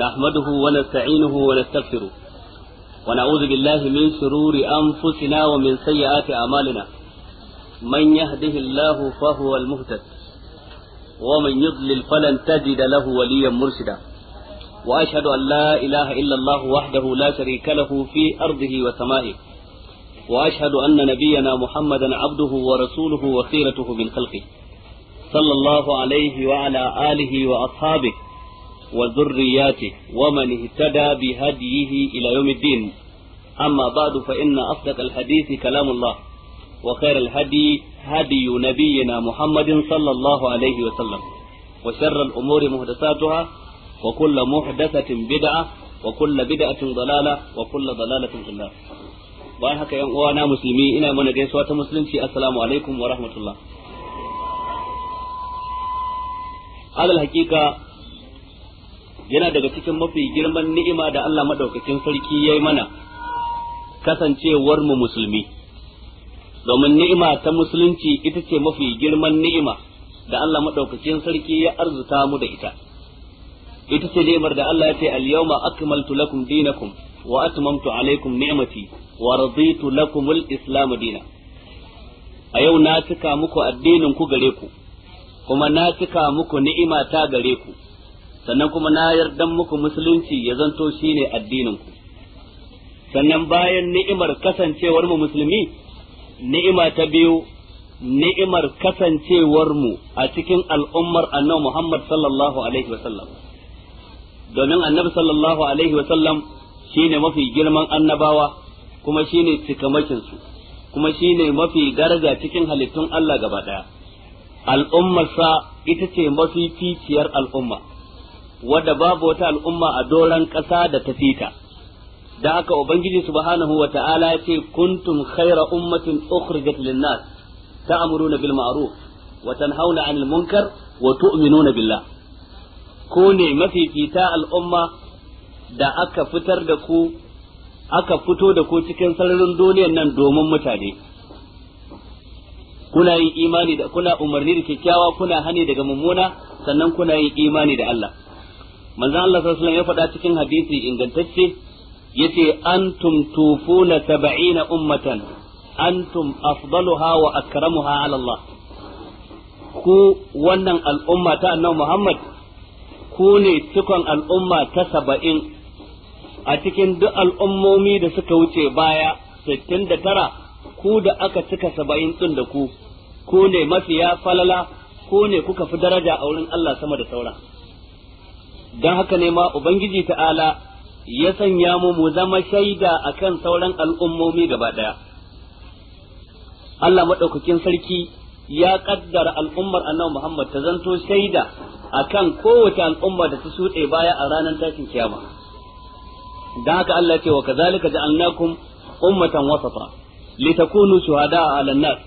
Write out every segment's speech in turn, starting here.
نحمده ونستعينه ونستغفره ونعوذ بالله من شرور أنفسنا ومن سيئات أعمالنا من يهده الله فهو المهتد ومن يضلل فلن تجد له وليا مرشدا وأشهد أن لا إله إلا الله وحده لا شريك له في أرضه وسمائه وأشهد أن نبينا محمدا عبده ورسوله وخيرته من خلقه صلى الله عليه وعلى آله وأصحابه وذرياته ومن اهتدى بهديه إلى يوم الدين أما بعد فإن أصدق الحديث كلام الله وخير الهدي هدي نبينا محمد صلى الله عليه وسلم وشر الأمور مهدساتها وكل محدثة بدعة وكل بدعة ضلالة وكل ضلالة في وانا bayan haka yan uwa na musulmi ina mana السلام عليكم ورحمه الله على الحقيقه yana daga cikin mafi girman ni'ima da Allah madaukakin sarki yayi mana kasancewar mu musulmi domin ni'ima ta musulunci ita ce mafi girman ni'ima da Allah madaukakin sarki ya arzuta mu da ita ita ce ni'imar da Allah ya ce al-yawma akmaltu lakum dinakum wa atmamtu alaykum ni'mati wa raditu lakum al-islam dinan a yau na cika muku addinin ku gare ku kuma na cika muku ni'imata gare ku sannan kuma na yardan muku musulunci ya zanto shi ne addininku sannan bayan ni'imar kasancewar mu musulmi ni'ima ta biyu ni'imar kasancewar mu a cikin al'ummar annabi Muhammad sallallahu alaihi wasallam domin annabi sallallahu alaihi wasallam shine mafi girman annabawa kuma shine cikamakin su kuma shine mafi garga cikin halittun Allah gaba daya sa ita ce mafi ficiyar al'umma wadda babu wata al'umma a doran ƙasa da ta fita da aka ubangiji subhanahu wa ta'ala ya ce kuntum khaira ummatin ukhrijat lin-nas ta'muruna bil ma'ruf wa tanhauna 'anil munkar wa tu'minuna billah ko ne fita al'umma da aka fitar da ku aka fito da ku cikin sararin duniyar nan domin mutane kuna yin imani da kuna umarni da kyakkyawa kuna hani daga mummuna sannan kuna yin imani da Allah manzo Allah sallallahu alaihi ya faɗa cikin hadisi ingantacce yace antum tufuna 70 ummatan antum afdaluha wa akramuha ala Allah ku wannan al'umma ta annabi Muhammad ku ne cikon al'umma ta 70 a cikin duk al'ummomi da suka wuce baya 69 ku da aka cika 70 din da ku ku ne mafiya falala ku ne kuka fi daraja a wurin Allah sama da sauran don haka ne ma ubangiji ta'ala ya sanya mu mu zama shaida a kan sauran al'ummomi gaba ɗaya Allah maɗaukakin sarki ya ƙaddara al'ummar annabi Muhammad ta zanto shaida a kan kowace al'umma da ta shuɗe baya a ranar tashin kiyama don haka Allah ce wa ka kazalika ja'alnakum ummatan wasafa litakunu shuhada a nas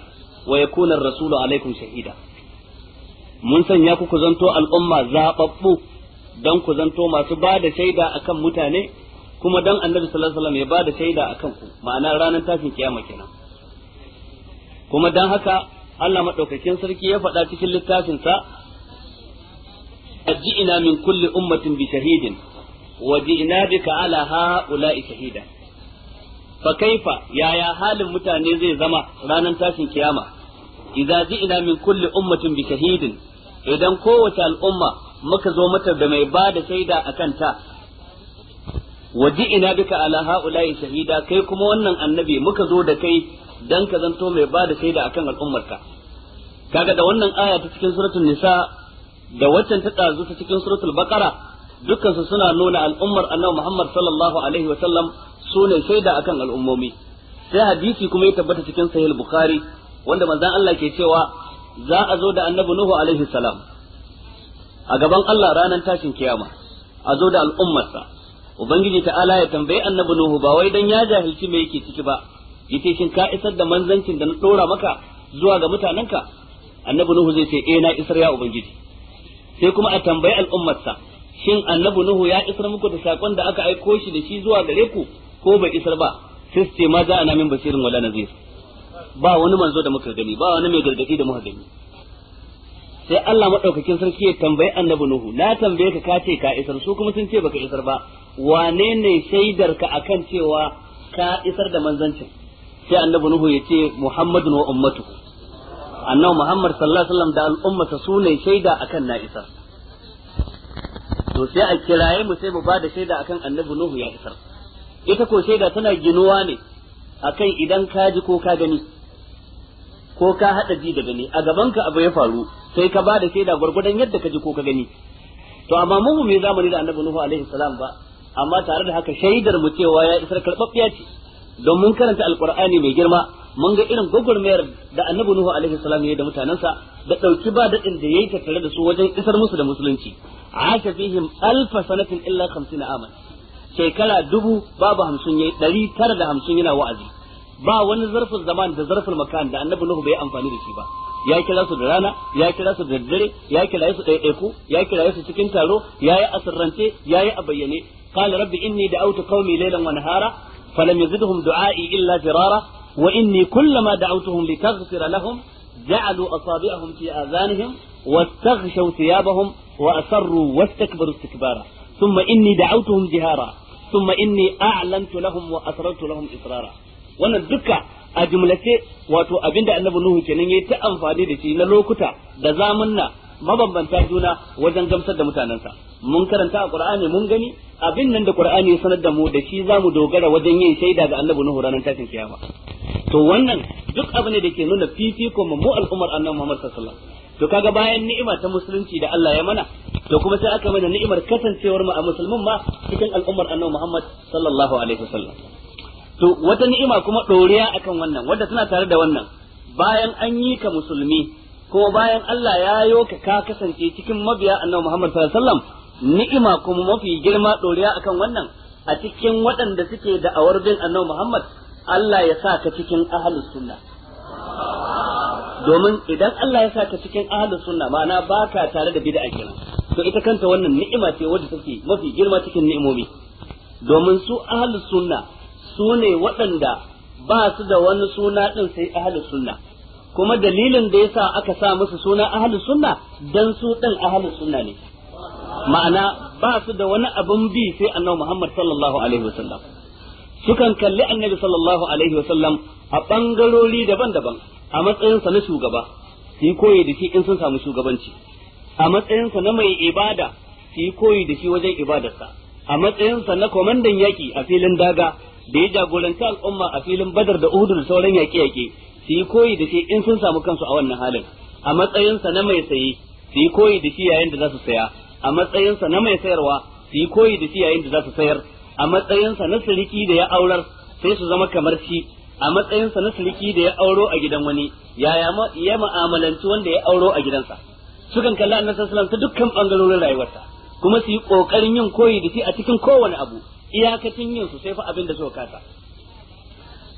wa ya kunar rasulu alaikum shahida mun sanya ku ku zanto al'umma zaɓaɓɓu? dan ku zanto masu ba da shaida akan mutane kuma dan annabi sallallahu alaihi wasallam ya ba da shaida akan ku ma'ana ranar tashin kiyama kenan kuma dan haka Allah madaukakin sarki ya faɗa cikin littafin sa ajina min kulli ummatin bi shahidin wa ji'na bika ala ha'ula'i shahida fa kaifa yaya halin mutane zai zama ranar tashin kiyama idza ji'na min kulli ummatin bi shahidin idan kowace al'umma muka zo mata da mai ba da shaida kanta ta ina bika ala haula'i shahida kai kuma wannan annabi muka zo da kai dan ka zanto mai ba da shaida akan al'ummarka kaga da wannan aya ta cikin suratul nisa da waccan ta dazu ta cikin suratul baqara dukkan su suna nuna al'ummar annabi Muhammad sallallahu alaihi wa sallam ne shaida akan al'ummomi sai hadisi kuma ya tabbata cikin sahih bukhari wanda manzon Allah ke cewa za a zo da annabi Nuhu alaihi salam a gaban Allah ranar tashin kiyama a zo da al'ummarsa ubangiji ta'ala ya tambayi annabi nuhu ba wai dan ya jahilci me yake ciki ba yace shin ka isar da manzancin da na dora maka zuwa ga mutanenka annabi nuhu zai ce eh na isar ya ubangiji sai kuma a tambayi al'ummarsa shin annabi nuhu ya isar muku da sakon da aka aiko shi da shi zuwa gare ku ko bai isar ba sai su ce ma za a min basirin wala nazir ba wani manzo da muka gani ba wani mai gargadi da muka gani sai Allah madaukakin sarki ya tambayi annabi nuhu na tambaye ka kace ka isar su kuma sun ce baka isar ba wane ne shaidar ka akan cewa ka isar da manzancin sai annabi nuhu ya ce muhammadun wa ummatu annabi muhammad sallallahu alaihi wasallam da al'ummata su ne shaida akan na isar to sai a kiraye mu sai mu ba da shaida akan annabi nuhu ya isar ita ko shaida tana ginuwa ne akan idan ka ji ko ka gani ko ka haɗa ji da gani a gaban ka abu ya faru sai ka ba da shaida gurgurdan yadda ka ji ko ka gani to amma mu mai zamani da annabi nuhu alaihi salam ba amma tare da haka shaidar mu cewa ya isar karbabbiya ce don mun karanta alqur'ani mai girma mun ga irin gwagwarmayar da annabi nuhu alaihi salam ya da mutanansa da ɗauki ba daɗin da yi tattare da su wajen isar musu da musulunci aka fihim alfa sanatin illa 50 aman shekara dubu babu hamsin yayi ɗari tara da hamsin yana wa'azi ba wani zarfin zaman da zarfin makan da annabi nuhu bai amfani da shi ba ya kira su da rana ya kira su da dare ya kira su ɗaiɗaiku ya kira su cikin taro yayi asirrance yayi yi a bayyane qala rabbi inni da'awtu qaumi laylan wa nahara falam yazidhum du'a'i illa firara wa inni kullama da'awtuhum litaghfir lahum ja'alu asabi'ahum fi adhanihim واستغشوا ثيابهم وأسروا واستكبروا استكبارا ثم إني دعوتهم جهارا ثم إني أعلنت لهم وأسررت لهم إسرارا wannan duka a jumlace wato abinda annabi nuhu kenan yayi ta amfani da shi na lokuta da zamanna mabambanta juna wajen gamsar da mutanensa mun karanta a qur'ani mun gani abin nan da qur'ani ya sanar da mu da shi zamu dogara wajen yin shaida ga annabi nuhu ranar tashin kiyama to wannan duk abu ne da ke nuna fifiko mu al'ummar annabi muhammad sallallahu alaihi wasallam to kaga bayan ni'ima ta musulunci da Allah ya mana to kuma sai aka mana ni'imar kasancewar mu a musulmin ma cikin al'ummar annabi Muhammad sallallahu alaihi wasallam to wata ni'ima kuma ɗoriya akan wannan wadda tana tare da wannan bayan an yi ka musulmi ko bayan Allah ya yo ka ka kasance cikin mabiya annabi Muhammad sallallahu alaihi wasallam ni'ima kuma mafi girma ɗoriya akan wannan a cikin waɗanda suke da awar bin annabi Muhammad Allah ya sa ka cikin ahlus sunna domin idan Allah ya sa ka cikin ahlus sunna ma'ana baka tare da bid'a kenan to ita kanta wannan ni'ima ce wadda take mafi girma cikin ni'imomi domin su ahlus sunna su ne waɗanda ba su da wani suna ɗin sai ahalus sunna kuma dalilin da yasa aka sa musu suna ahalus sunna dan su ɗin ahalus sunna ne ma'ana ba su da wani abin bi sai annabi Muhammad sallallahu alaihi wasallam sukan kalli annabi sallallahu alaihi wasallam a bangarori daban-daban a matsayinsa na shugaba su yi koyi da shi in sun samu shugabanci a matsayinsa na mai ibada su yi koyi da shi wajen ibadarsa a matsayinsa na kwamandan yaki a filin daga da ya jagoranci al'umma a filin badar da uhudu da sauran yaƙe-yaƙe su yi koyi da shi in sun samu kansu a wannan halin a matsayinsa na mai saye su yi koyi da shi yayin da za su saya a matsayinsa na mai sayarwa su yi koyi da shi yayin da za su sayar a matsayinsa na siriki da ya aurar sai su zama kamar shi a matsayinsa na siriki da ya auro a gidan wani yaya ya ma'amalanci wanda ya auro a gidansa sukan kalla annabi sallallahu alaihi wasallam ta dukkan bangarorin rayuwarsa kuma su yi kokarin yin koyi da shi a cikin kowane abu iyakacin yin su sai fa abin da suka kasa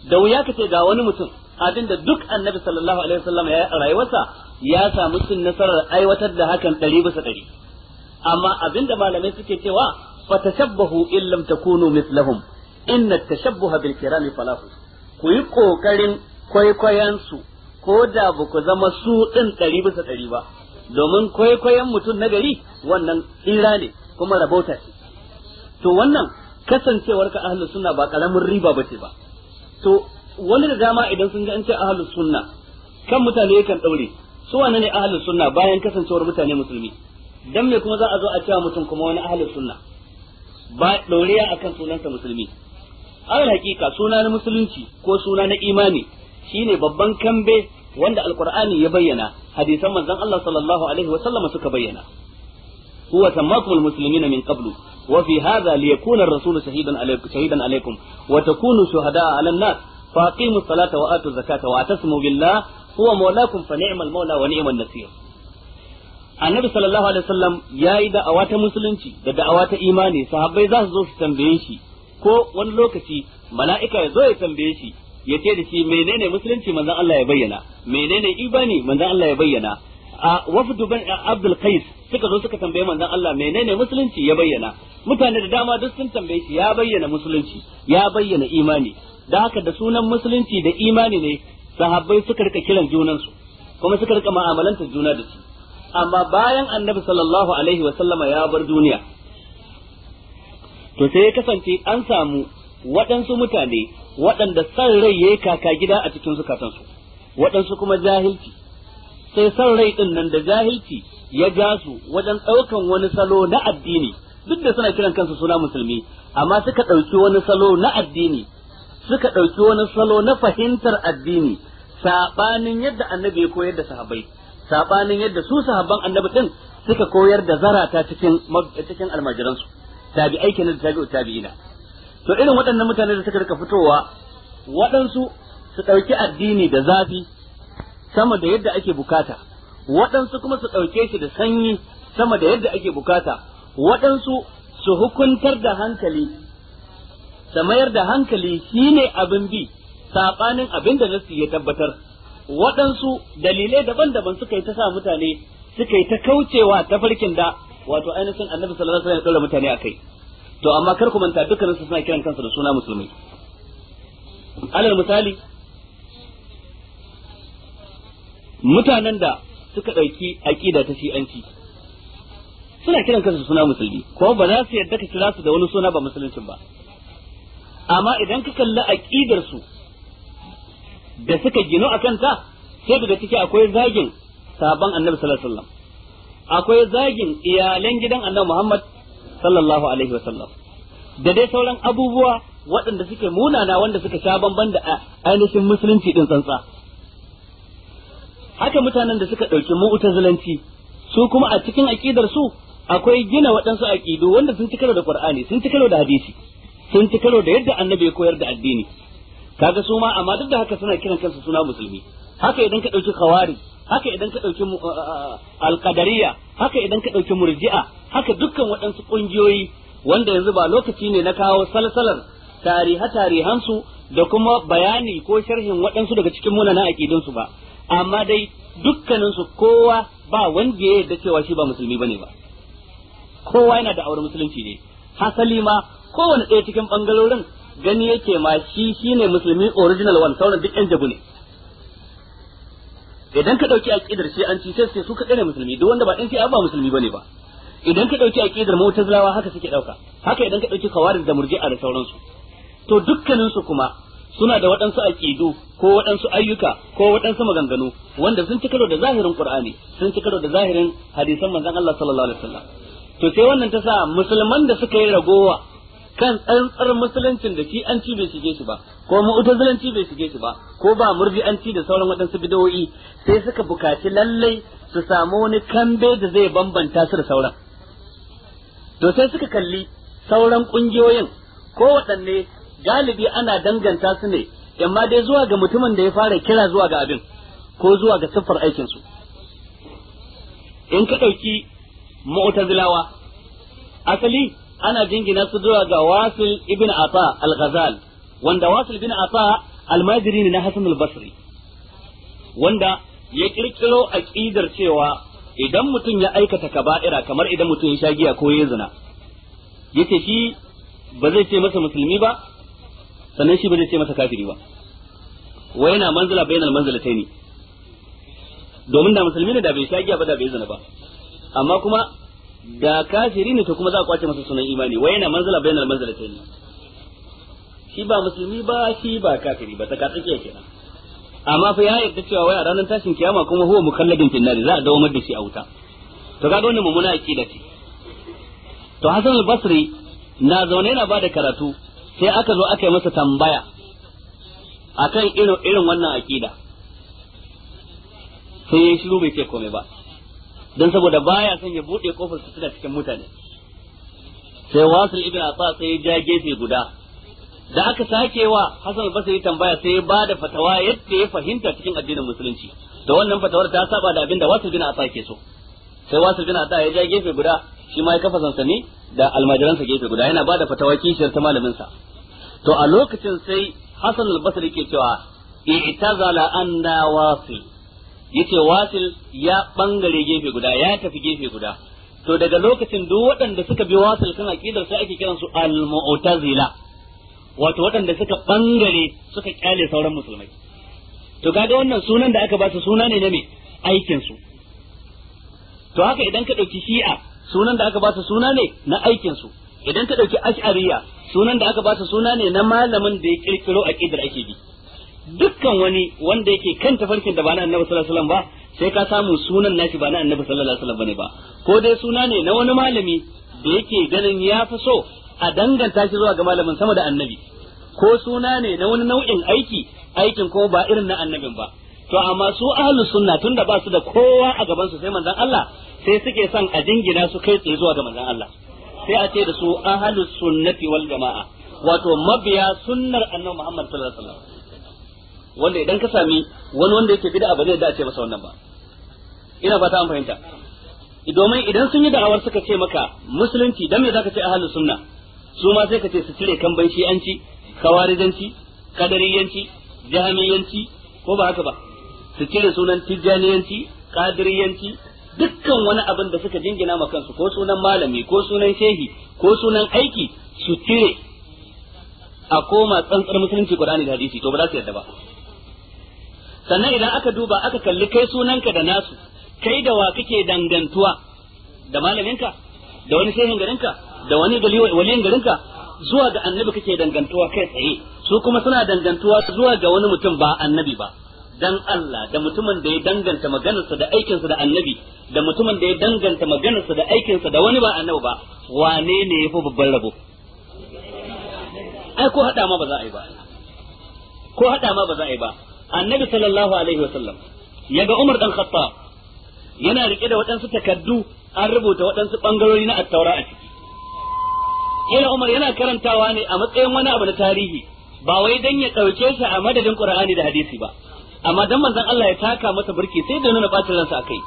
da wuya kace ga wani mutum abin da duk annabi sallallahu alaihi wasallam ya a rayuwarsa ya samu cin nasarar aiwatar da hakan ɗari bisa ɗari amma abin da malamai suke cewa fatashabbahu in lam takunu mithlahum inna tashabbuha bil kirami falahu ku yi kokarin kwaikwayon su ko da ba ku zama su ɗin ɗari bisa ɗari ba domin kwaikwayon mutum na gari wannan tsira ne kuma rabota ce to wannan kasancewar ka ahlus sunna ba karamin riba bace ba to wani da dama idan sun ga an ce ahlus sunna kan mutane kan daure su wane ne ahlus sunna bayan kasancewar mutane musulmi dan me kuma za a zo a cewa mutum kuma wani ahlus sunna ba dauriya akan sunansa musulmi alal hakika suna na musulunci ko suna na imani shine babban kambe wanda alqur'ani ya bayyana hadisan manzon Allah sallallahu alaihi wa sallama suka bayyana huwa sammakumul na min qablu wa fi hadha liyakuna ar-rasulu shahidan alaykum Wata kunu wa takunu shuhada'a 'ala an-nas faqimu as-salata zakata wa tasmu billah huwa mawlakum fa ni'mal mawla wa ni'man nasir annabi sallallahu alaihi wasallam yayi da'awa ta musulunci da da'awa ta imani sahabbai za su zo su tambaye shi ko wani lokaci mala'ika ya zo ya tambaye shi ya ce da shi menene musulunci manzon Allah ya bayyana menene imani manzon Allah ya bayyana a wafdu ban abdul qais suka zo suka tambaye manzon Allah menene musulunci ya bayyana mutane da dama duk sun tambaye shi ya bayyana musulunci ya bayyana imani da haka da sunan musulunci da imani ne sahabbai suka rika kiran junansu kuma suka rika mu'amalanta juna da su amma bayan annabi sallallahu alaihi wa sallama ya bar duniya to sai ya kasance an samu waɗansu mutane waɗanda san rai yayi kaka gida a cikin zukatansu waɗansu kuma jahilci sai san rai din nan da jahilci ya gasu wajen ɗaukan wani salo na addini duk da suna kiran kansu suna musulmi amma suka ɗauki wani salo na addini suka ɗauki wani salo na fahimtar addini saɓanin yadda annabi ya koyar da sahabbai saɓanin yadda su sahabban annabi din suka koyar da zarata cikin cikin almajiransu tabi'ai kenan da tabi'u tabi'ina to irin waɗannan mutane da suka rika fitowa waɗansu su ɗauki addini da zafi sama da yadda ake bukata waɗansu kuma su ɗauke shi da sanyi sama da yadda ake bukata waɗansu su hukuntar da hankali su mayar da hankali shi ne abin bi saɓanin abin da nasu ya tabbatar waɗansu dalilai daban-daban suka yi ta sa mutane suka yi ta kaucewa ta farkin da wato ainihin annabi sallallahu alaihi wasallam ya mutane akai to amma kar ku manta dukkaninsu suna kiran kansu da suna musulmai alal misali mutanen da suka ɗauki aƙida ta shi'anci suna kiran kansu suna musulmi ko ba za su yarda ka kira su da wani suna ba musuluncin ba amma idan ka kalli aƙidar su da suka gino a kanta, sai daga ciki akwai zagin sabon annabi sallallahu alaihi wasallam akwai zagin iyalan gidan annabi Muhammad sallallahu alaihi wasallam da dai sauran abubuwa waɗanda suke munana wanda suka sha bamban da ainihin musulunci din tsantsa haka mutanen da suka ɗauki mu'tazilanci su kuma a cikin aƙidar su akwai gina waɗansu aƙidu wanda sun ci karo da Qur'ani sun ci karo da hadisi sun ci karo da yadda annabi ya koyar da addini kaga su ma amma duk da haka suna kiran kansu suna musulmi haka idan ka ɗauki khawarij haka idan ka ɗauki alƙadariya haka idan ka ɗauki murji'a haka dukkan waɗansu ƙungiyoyi wanda yanzu ba lokaci ne na kawo salsalar tariha tarihansu da kuma bayani ko sharhin waɗansu daga cikin munana aƙidinsu ba amma dai dukkaninsu kowa ba wanda ya yarda cewa shi ba musulmi bane ba kowa yana da aure musulunci ne hasali ma kowane ɗaya cikin bangarorin gani yake ma shi shine musulmi original one sauran duk yan jabu ne idan ka dauki aqidar shi an ci sai su kaɗai ne musulmi duk wanda ba ɗan shi ba musulmi bane ba idan ka dauki aqidar mu'tazilawa haka suke dauka haka idan ka dauki khawarij da murji'a da sauransu to dukkaninsu kuma suna da waɗansu aƙidu ko waɗansu ayyuka ko waɗansu maganganu wanda sun ci karo da zahirin Qur'ani sun ci karo da zahirin hadisan manzon Allah sallallahu alaihi wasallam to sai wannan ta sa musulman da suka yi ragowa kan tsantsar musuluncin da shi an ci bai shige shi ba ko mu'tazilanci bai shige shi ba ko ba murji'anci da sauran waɗansu bidoyi sai suka bukaci lallai su samu wani kambe da zai bambanta su da sauran to sai suka kalli sauran ƙungiyoyin ko waɗanne galibi ana danganta su ne amma dai zuwa ga mutumin da ya fara kira zuwa ga abin ko zuwa ga siffar aikinsu. in ka ɗauki mu'tazilawa asali ana jingina su zuwa ga wasil ibn Afa al-ghazal wanda wasil ibn al almajiri ne na hasan al-basri wanda ya kirkiro aqidar cewa idan mutum ya aikata kaba'ira kamar idan mutum ya sha giya ko ya zina yace shi ba zai ce masa musulmi ba sannan shi ba zai ce masa kafiri ba wa yana manzila bainal ne domin da musulmi ne da bai sha giya ba da bai zina ba amma kuma da kafiri ne to kuma za a kwace masa sunan imani wa yana manzila bainal ne. shi ba musulmi ba shi ba kafiri ba tsaka tsakiya kenan amma fa ya yarda cewa wai a ranar tashin kiyama kuma huwa mukalladin finnari za a dawamar da shi a wuta to kaga wannan mummuna aqida ce to Hassan al-Basri na zaune yana bada karatu sai aka zo aka yi masa tambaya akan irin irin wannan akida sai ya yi shiru bai ce komai ba don saboda baya son ya bude kofar su suna cikin mutane sai wasu ibn asa sai ya ja gefe guda da aka sake wa hasan basu yi tambaya sai ya bada fatawa yadda ya fahimta cikin addinin musulunci da wannan fatawar ta saba da abin da wasu ibn asa ke so sai wasu bin ata ya ja gefe guda shi ma ya kafa sansani da almajiransa gefe guda yana bada fatawa kishiyar ta malamin sa to a lokacin sai Hassan al-Basri ke cewa i'tazala anna wasil yace wasil ya bangare gefe guda ya tafi gefe guda to daga lokacin duk waɗanda suka bi wasil kan aqidar sai ake kiransu al-mu'tazila wato waɗanda suka bangare suka kyale sauran musulmai to kaga wannan sunan da aka ba su suna ne na me aikin su to haka idan ka ɗauki shi'a sunan da aka ba su suna ne na aikin su idan ta ɗauki ash'ariya sunan da aka ba su suna ne na malamin da ya kirkiro aqidar ake bi dukkan wani wanda yake kan tafarkin da ba na annabi sallallahu alaihi wasallam ba sai ka samu sunan nashi ba na annabi sallallahu alaihi wasallam bane ba ko dai suna ne na wani malami da yake ganin ya fi so a danganta shi zuwa ga malamin sama da annabi ko suna ne na wani nau'in aiki aikin ko ba irin na annabin ba to amma su ahlus sunna tunda ba su da kowa a gaban su sai manzon Allah sai suke son a jingina su kai tsaye zuwa ga manzon Allah sai a ce da su ahlus sunnati wal jamaa wato mabiya sunnar annabi Muhammad sallallahu alaihi wasallam wanda idan ka sami wani wanda yake bid'a ba zai da ce masa wannan ba ina fata an fahimta domin idan sun yi da'awar suka ce maka musulunci dan me zaka ce ahlus sunna su ma sai ka ce su cire kamban shi'anci kawarijanci kadariyanci jahamiyanci ko ba haka ba su cire sunan tijjaniyanci kadiriyanci dukkan wani abin da suka jingina ma kansu ko sunan malami ko sunan shehi ko sunan aiki su cire a koma tsantsar musulunci Qur'ani da hadisi to ba za su yadda ba sannan idan aka duba aka kalli kai sunanka da nasu kai da wa kake dangantuwa da malaminka da wani shehin garinka da wani waliyin garinka zuwa ga annabi kake dangantuwa kai tsaye su kuma suna dangantuwa zuwa ga wani mutum ba annabi ba dan Allah da mutumin da ya danganta maganarsa da aikinsa da annabi da mutumin da ya danganta maganarsa da aikinsa da wani ba annabi ba wane ne ya fi babban rabo ai ko hada ma ba za a yi ba ko hada ma ba za a yi ba annabi sallallahu alaihi wasallam ya ga Umar dan Khattab yana rike da waɗansu takaddu an rubuta waɗansu bangarori na attaura a ciki ila Umar yana karantawa ne a matsayin wani abu na tarihi ba wai dan ya ɗauke shi a madadin Qur'ani da hadisi ba amma dan manzon Allah ya taka masa burki sai da nuna bacin ransa akai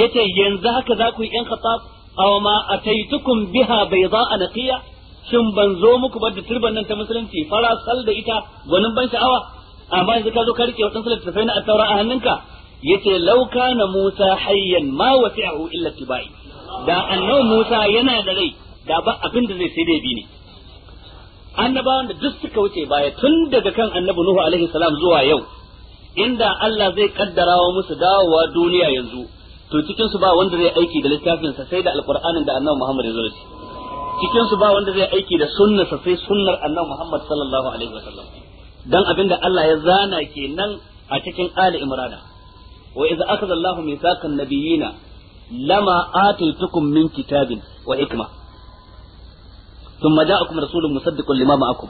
yace yanzu haka za ku yi yan khatab aw ma ataitukum biha bayda'a naqiya shin ban zo muku ba da turban nan ta musulunci farasal da ita gwanin ban sha'awa amma yanzu ka zo ka rike wadansu littafai na attaura a hannunka yace law kana Musa hayyan ma wasi'ahu illa tibai da annabi Musa yana da rai da ba abin da zai sai da bi ne annabawan da duk suka wuce baya tun daga kan annabi nuhu alaihi salam zuwa yau inda Allah zai kaddarawa musu dawowa duniya yanzu to cikin su ba wanda zai aiki da littafin sa sai da alqur'anin da annabi Muhammad ya zo shi cikin su ba wanda zai aiki da sunnar sa sai sunnar annabi Muhammad sallallahu alaihi wasallam dan abinda Allah ya zana kenan a cikin ali imrana wa idza akhadha Allahu mithaqan nabiyina lama atitukum min kitabin wa hikma ثم جاءكم رسول مصدق لما معكم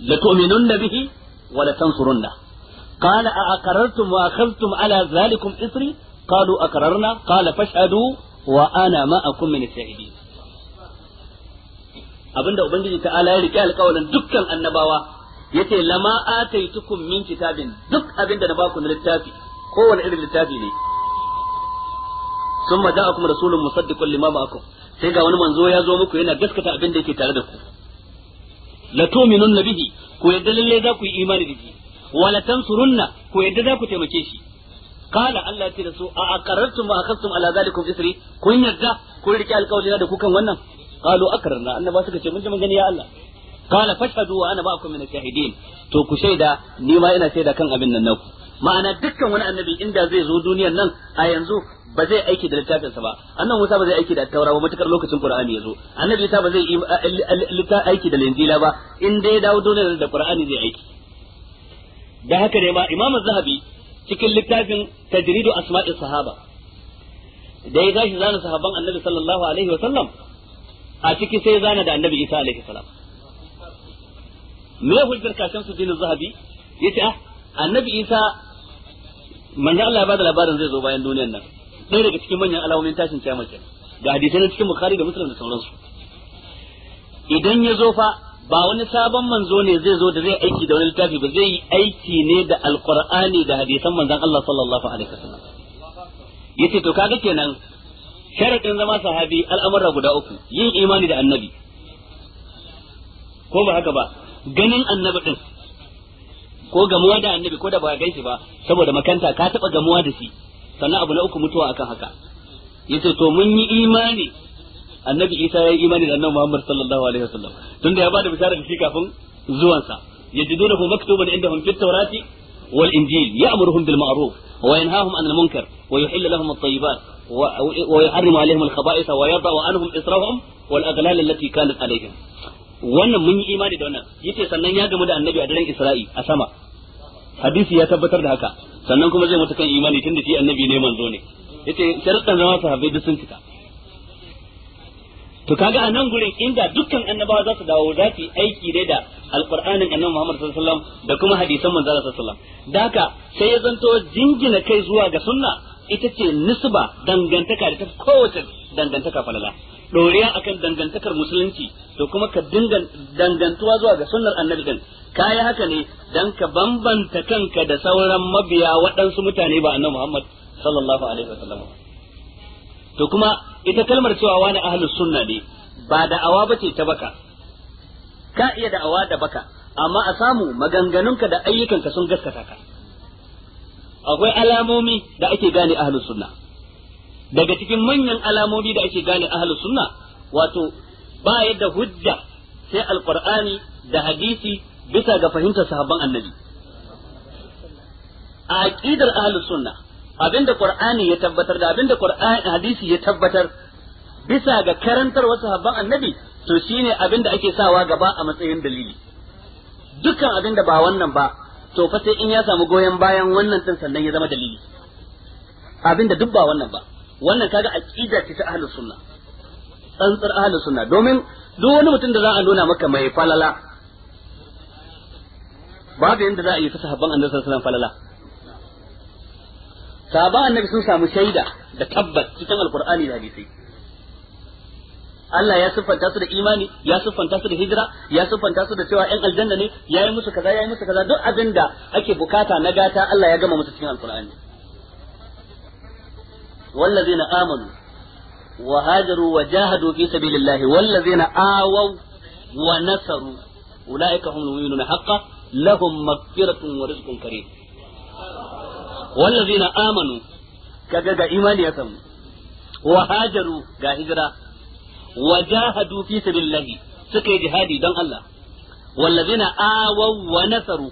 لتؤمنن به ولتنصرنه قال أأقررتم وأخذتم على ذلكم إصري قالوا أقررنا قال فاشهدوا وأنا ما معكم من الشاهدين أبن دعو بنجي تعالى يلي كهل قولا دكا النباوة يتي لما آتيتكم من كتاب دك أبن دعو نباكم للتافي قول إلي للتافي لي ثم جاءكم رسول مصدق لما معكم sai ga wani manzo ya zo muku yana gaskata abin da yake tare da ku la tu'minunna bihi ku yadda lalle za ku yi imani da shi wa la tansurunna ku yadda za ku taimake shi qala Allah ce rasu a aqarrtum wa akhadtum ala zalikum isri kun yadda kun rike alƙawari da ku kan wannan qalu aqarrna annaba suka ce mun ji magani ya Allah qala fashhadu wa ana ma'akum min ash-shahidin to ku shaida ni ma ina shaida kan abin nan naku ma'ana dukkan wani annabi inda zai zo duniyar nan a yanzu ba zai aiki da littafinsa ba annabi Musa ba zai aiki da taurawa ba matukar lokacin Qur'ani ya zo annabi Isa ba zai aiki da Injila ba in dai ya dawo duniyar da Qur'ani zai aiki da haka ne ma Imam Zahabi cikin littafin Tajridu Asma'i Sahaba da ya tashi zana sahabban annabi sallallahu alaihi wa sallam a ciki sai zana da annabi Isa alaihi salam me hujjar kashin su dinin Zahabi yace ah annabi Isa manyan Allah ya bada labarin zai zo bayan duniyar nan ɗaya daga cikin manyan alamomin tashin kiyama kenan ga hadisai na cikin bukhari da muslim da sauransu idan ya zo fa ba wani sabon manzo ne zai zo da zai aiki da wani littafi ba zai yi aiki ne da alqur'ani da hadisan manzon Allah sallallahu alaihi wasallam yace to kaga kenan sharadin zama sahabi al'amura guda uku yin imani da annabi ko ba haka ba ganin annabi din ko gamuwa da annabi ko da ba gan shi ba saboda makanta ka taba gamuwa da shi sannan abu na uku mutuwa akan haka yace to mun yi imani annabi Isa ya yi imani da annabi Muhammad sallallahu alaihi wasallam tunda ya bada bisharar shi kafin zuwan sa yajidunahu maktuban indahum fit tawrati wal injil ya'muruhum bil ma'ruf wa yanhahum 'anil munkar wa yuhillu lahum at-tayyibat wa yuharrimu alaihim al-khaba'itha wa yadh'u 'anhum israhum wal aghlal allati kanat alaihim wannan mun yi imani da wannan yace sannan ya gamu da annabi a daren Isra'i a sama hadisi ya tabbatar da haka sannan kuma zai mutu kan imani tunda shi annabi ne manzo ne yace sharuɗan zama sahabbai duk sun cika to kaga a nan gurin inda dukkan annabawa za su dawo za su aiki dai da alqur'anin annabi Muhammad sallallahu alaihi wasallam da kuma hadisan manzo sallallahu alaihi wasallam da haka sai ya zanto jingina kai zuwa ga sunna ita ce nisba dangantaka da ta kowace dangantaka falala doriya akan dangantakar musulunci da kuma ka dinga dangantuwa zuwa ga sunnar annabi din kai haka ne dan ka bambanta kanka da sauran mabiya waɗansu mutane ba annabi Muhammad sallallahu alaihi wasallam to kuma ita kalmar cewa wani ahlus sunna ne ba da'awa bace ta baka ka iya da'awa da baka amma a samu maganganunka da ayyukanka sun gaskata ka akwai alamomi da ake gane ahlus sunna daga cikin manyan alamomi da ake gane ahal sunna wato ba yadda hujja sai alqur'ani da hadisi bisa ga fahimtar sahabban annabi a aqidar ahal sunna abinda qur'ani ya tabbatar da abinda qur'ani hadisi ya tabbatar bisa ga karantar wasu sahabban annabi to shine abinda ake sawa gaba a matsayin dalili dukkan abinda ba wannan ba to fa sai in ya samu goyon bayan wannan din sannan ya zama dalili abinda duk ba wannan ba wannan kaga aqida ce ta ahlus sunna tsantsar ahlus sunna domin duk wani mutum da za a nuna maka mai falala babu yanda za a yi fasa sahabban annabi sallallahu alaihi wasallam falala sahabban annabi sun samu shaida da tabbat cikin alqur'ani da hadisi Allah ya siffanta su da imani ya siffanta su da hijira ya siffanta su da cewa ƴan aljanna ne yayi musu kaza yayi musu kaza duk abinda ake bukata na gata Allah ya gama musu cikin alqur'ani والذين آمنوا وهاجروا وجاهدوا في سبيل الله والذين آووا ونصروا أولئك هم المؤمنون حقا لهم مغفرة ورزق كريم والذين آمنوا كجد إيمان يسم وهاجروا كهجرة وجاهدوا في سبيل الله سكي جهادي دم الله والذين آووا ونصروا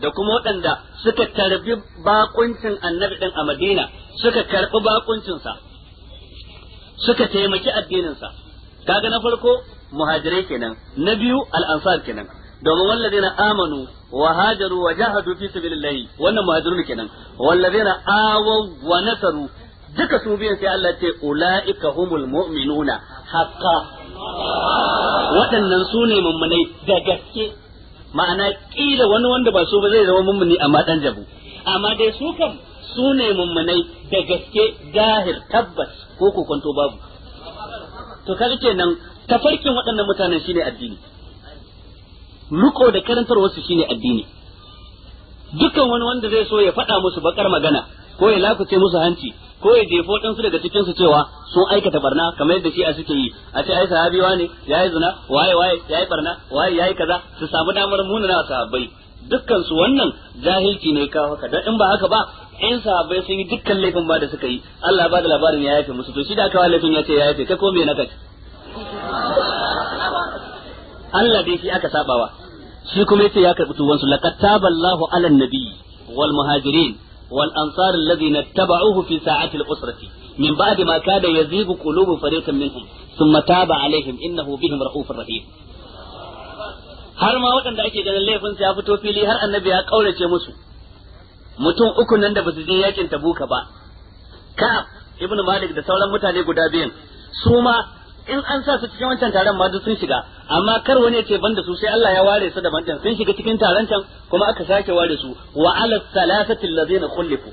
da kuma waɗanda suka tarbi bakuncin annabi ɗin a Madina suka karɓi bakuncinsa suka taimaki addininsa kaga na farko muhajirai kenan na biyu al'ansar kenan domin na amanu wa hajaru wa jahadu fi sabilillahi wannan muhajirun kenan na awaw wa nasaru duka su biyan sai Allah ce ulaika humul mu'minuna haqqan waɗannan su ne mummunai da gaske ma'ana kila wani wanda ba su ba zai zama mummuni amma dan jabu amma dai su kam su ne mummunai da gaske gahir, tabbas ko ko kwanto babu to kaga kenan tafarkin waɗannan mutanen shine addini riko da karantar wasu shine addini dukkan wani wanda zai so ya faɗa musu bakar magana ko ya lakuce musu hanci ko ya jefo ɗinsu daga cikin su cewa sun aikata barna kamar yadda shi a suke yi a ce ai sahabi ya yi zina waye waye yi barna waye yi kaza su samu damar munana sahabbai dukkan su wannan jahilci ne kawo haka dan in ba haka ba in sahabbai sun yi dukkan laifin ba da suka yi Allah ba da labarin ya yafe musu to shi da aka wa laifin ya ce ya yafe kai ko me na kai Allah dai shi aka sabawa shi kuma yace ya karbi tuwansu laqad taballahu alan nabi wal muhajirin والأنصار الذين اتبعوه في ساعة الأسرة من بعد ما كاد يزيغ قلوب فريق منهم ثم تاب عليهم إنه بهم رؤوف رحيم har ma waɗanda ake ganin laifinsu ya fito fili har annabi ya ƙaurace musu mutum uku nan da basu je yakin tabuka ba ka ibnu malik da sauran mutane guda biyan su ma in an sa su cikin wancan taron ma duk sun shiga amma kar wani ce banda su sai Allah ya ware su da bantan sun shiga cikin taron can kuma aka sake ware su wa ala salasati allazina khulifu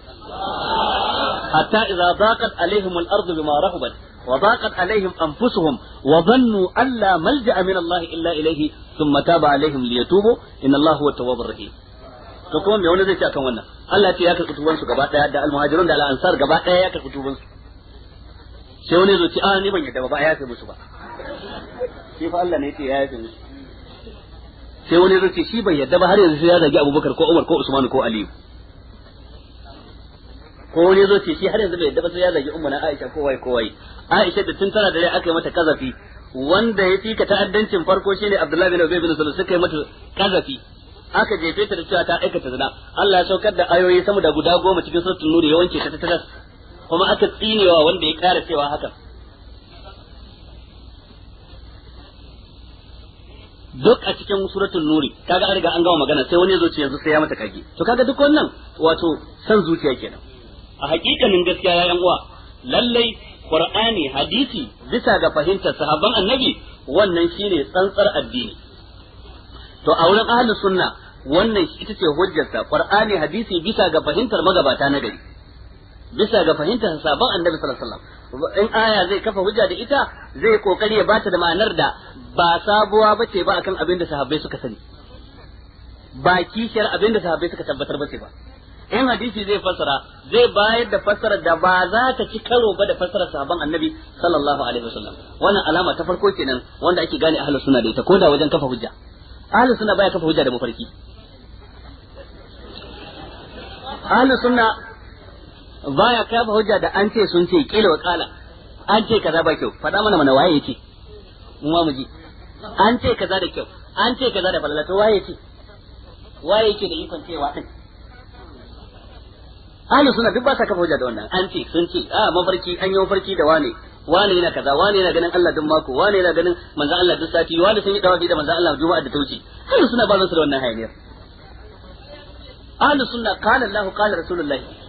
hatta idza daqat alaihim al-ardu bima rahabat wa daqat alaihim anfusuhum wa dhannu alla malja'a min Allah illa ilayhi thumma taba alaihim liyatubu inna Allah huwa tawwabur rahim to kuma me wani zai ce akan wannan Allah ya ce ya karɓi tubansu gaba da al da al-ansar gaba ya karɓi tubansu sai wani zo a ah, ni ban yadda ba ya yafe musu ba shi fa Allah ne ya ce ya yafe musu sai wani zo ce shi ban yadda ba har yanzu sai ya zagi Abubakar ko Umar ko Usman ko Aliyu ko wani zo ce shi har yanzu bai yadda ba sai ya zagi umma na Aisha ko wai ko wai Aisha da tun tana da rai aka yi mata kazafi wanda ya fika ta'addancin farko shine Abdullahi bin Ubay bin Salul suka yi mata kazafi aka jefe ta da cewa ta aikata zina Allah ya saukar da ayoyi sama da guda goma cikin suratul Nur ya wanke ta ta kuma aka tsinewa wanda ya kara cewa haka duk a cikin suratul nuri kaga an riga an gama magana sai wani ya zo ce yanzu sai ya mata kage to kaga duk wannan wato san zuciya kenan a hakikanin gaskiya ya yan uwa lallai qur'ani hadisi bisa ga fahimtar sahabban annabi wannan shine tsantsar addini to a wurin ahlus sunna wannan ita ce hujjarsa qur'ani hadisi bisa ga fahimtar magabata na gari bisa ga fahimtar sabon annabi sallallahu alaihi wasallam in aya zai kafa hujja da ita zai kokari ya bata da ma'anar da ba sabuwa bace ba akan abin da sahabbai suka sani ba kishiyar abin da sahabbai suka tabbatar bace ba in hadisi zai fassara zai bayar da fassarar da ba za ta ci karo ba da fassarar sahabban annabi sallallahu alaihi wasallam wannan alama ta farko kenan wanda ake gane ahlus sunna da ita ko da wajen kafa hujja ahlus sunna baya kafa hujja da mafarki ahlus sunna baya kafa hujja da an ce sun ce kila wa kala an ce kaza ba kyau faɗa mana mana waye yake mu ma mu ji an ce kaza da kyau an ce kaza da falala to waye yake waye yake da ikon cewa din ahli suna duk ba sa kafa hujja da wannan an ce sun ce a ah, mafarki an yi mafarki da wane wane yana kaza wane yana ganin Allah duk mako wane yana ganin manzon Allah duk sati wane sun yi dawafi da manzon Allah juma'a da tauci ahli suna ba su da wannan hayaniyar ahli sunna qala Allah qala rasulullahi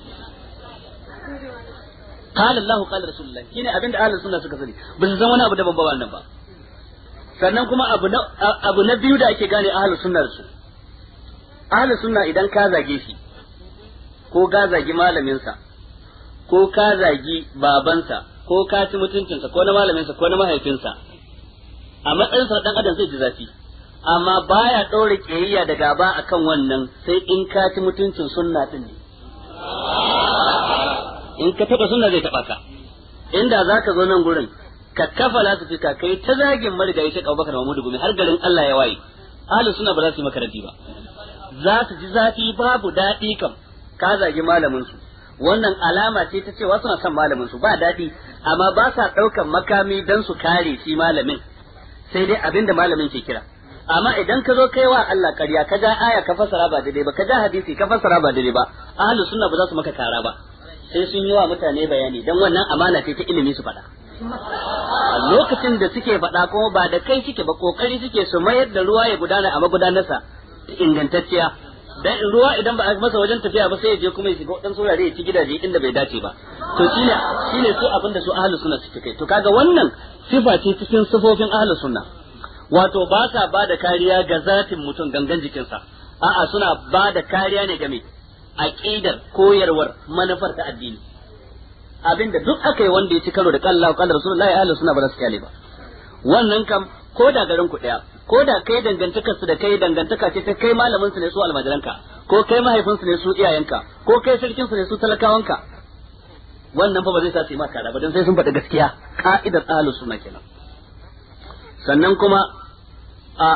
qala Allah qala rasulullah shine abinda ahlus sunna suka sani ba su san wani abu daban ba wannan ba sannan kuma abu na abu na biyu da ake gane ahlus sunna su ahlus sunna idan ka zage shi ko ka zagi malamin sa ko ka zagi babansa ko ka ci mutuncinsa ko na malaminsa ko na mahaifinsa a matsayinsa dan adam zai ji zafi amma baya ɗaure ƙiyayya da gaba akan wannan sai in ka ci mutuncin sunna din ne in ka taba suna zai taba ka inda za ka zo nan gurin ka kafa ka kai ta zagin marigayi shi kawo bakar mamudu gumi har garin Allah ya waye ahli suna ba za su yi makaranti ba za su ji zafi babu daɗi kam ka zagi malamin su wannan alama ce ta cewa suna son malamin su ba daɗi amma ba sa ɗaukan makami don su kare shi malamin sai dai abin da malamin ke kira amma idan ka zo kai wa Allah ƙarya ka ga aya ka fassara ba daidai ba ka ga hadisi ka fassara ba daidai ba ahlus sunna ba za su maka kara ba sai sun yi wa mutane bayani don wannan amana ce ta ilimi su faɗa a lokacin da suke faɗa kuma ba da kai suke ba kokari suke su mayar da ruwa ya gudana a magudanarsa ingantacciya dan ruwa idan ba a masa wajen tafiya ba sai ya je kuma ya shiga wadansu wurare ya ci gidaje inda bai dace ba to shine shine su abin da su ahlus sunna suke kai to kaga wannan sifa ce cikin sifofin ahlus suna wato ba sa ba da kariya ga zatin mutum gangan jikinsa a'a suna ba da kariya ne ga mai aqidar koyarwar manufar ta addini abinda duk aka yi wanda ya ci karo da kallahu kallar rasulullahi ahlus suna ba za su kyale ba wannan kam ko da garin ku daya ko da kai dangantakar su da kai dangantaka ce ta kai malamin su ne su almajiranka ko kai mahaifin su ne su iyayenka ko kai sarkin su ne su talakawanka wannan fa ba zai sa su yi maka da ba dan sai sun faɗi gaskiya ka'idar ahlus sunna kenan sannan kuma a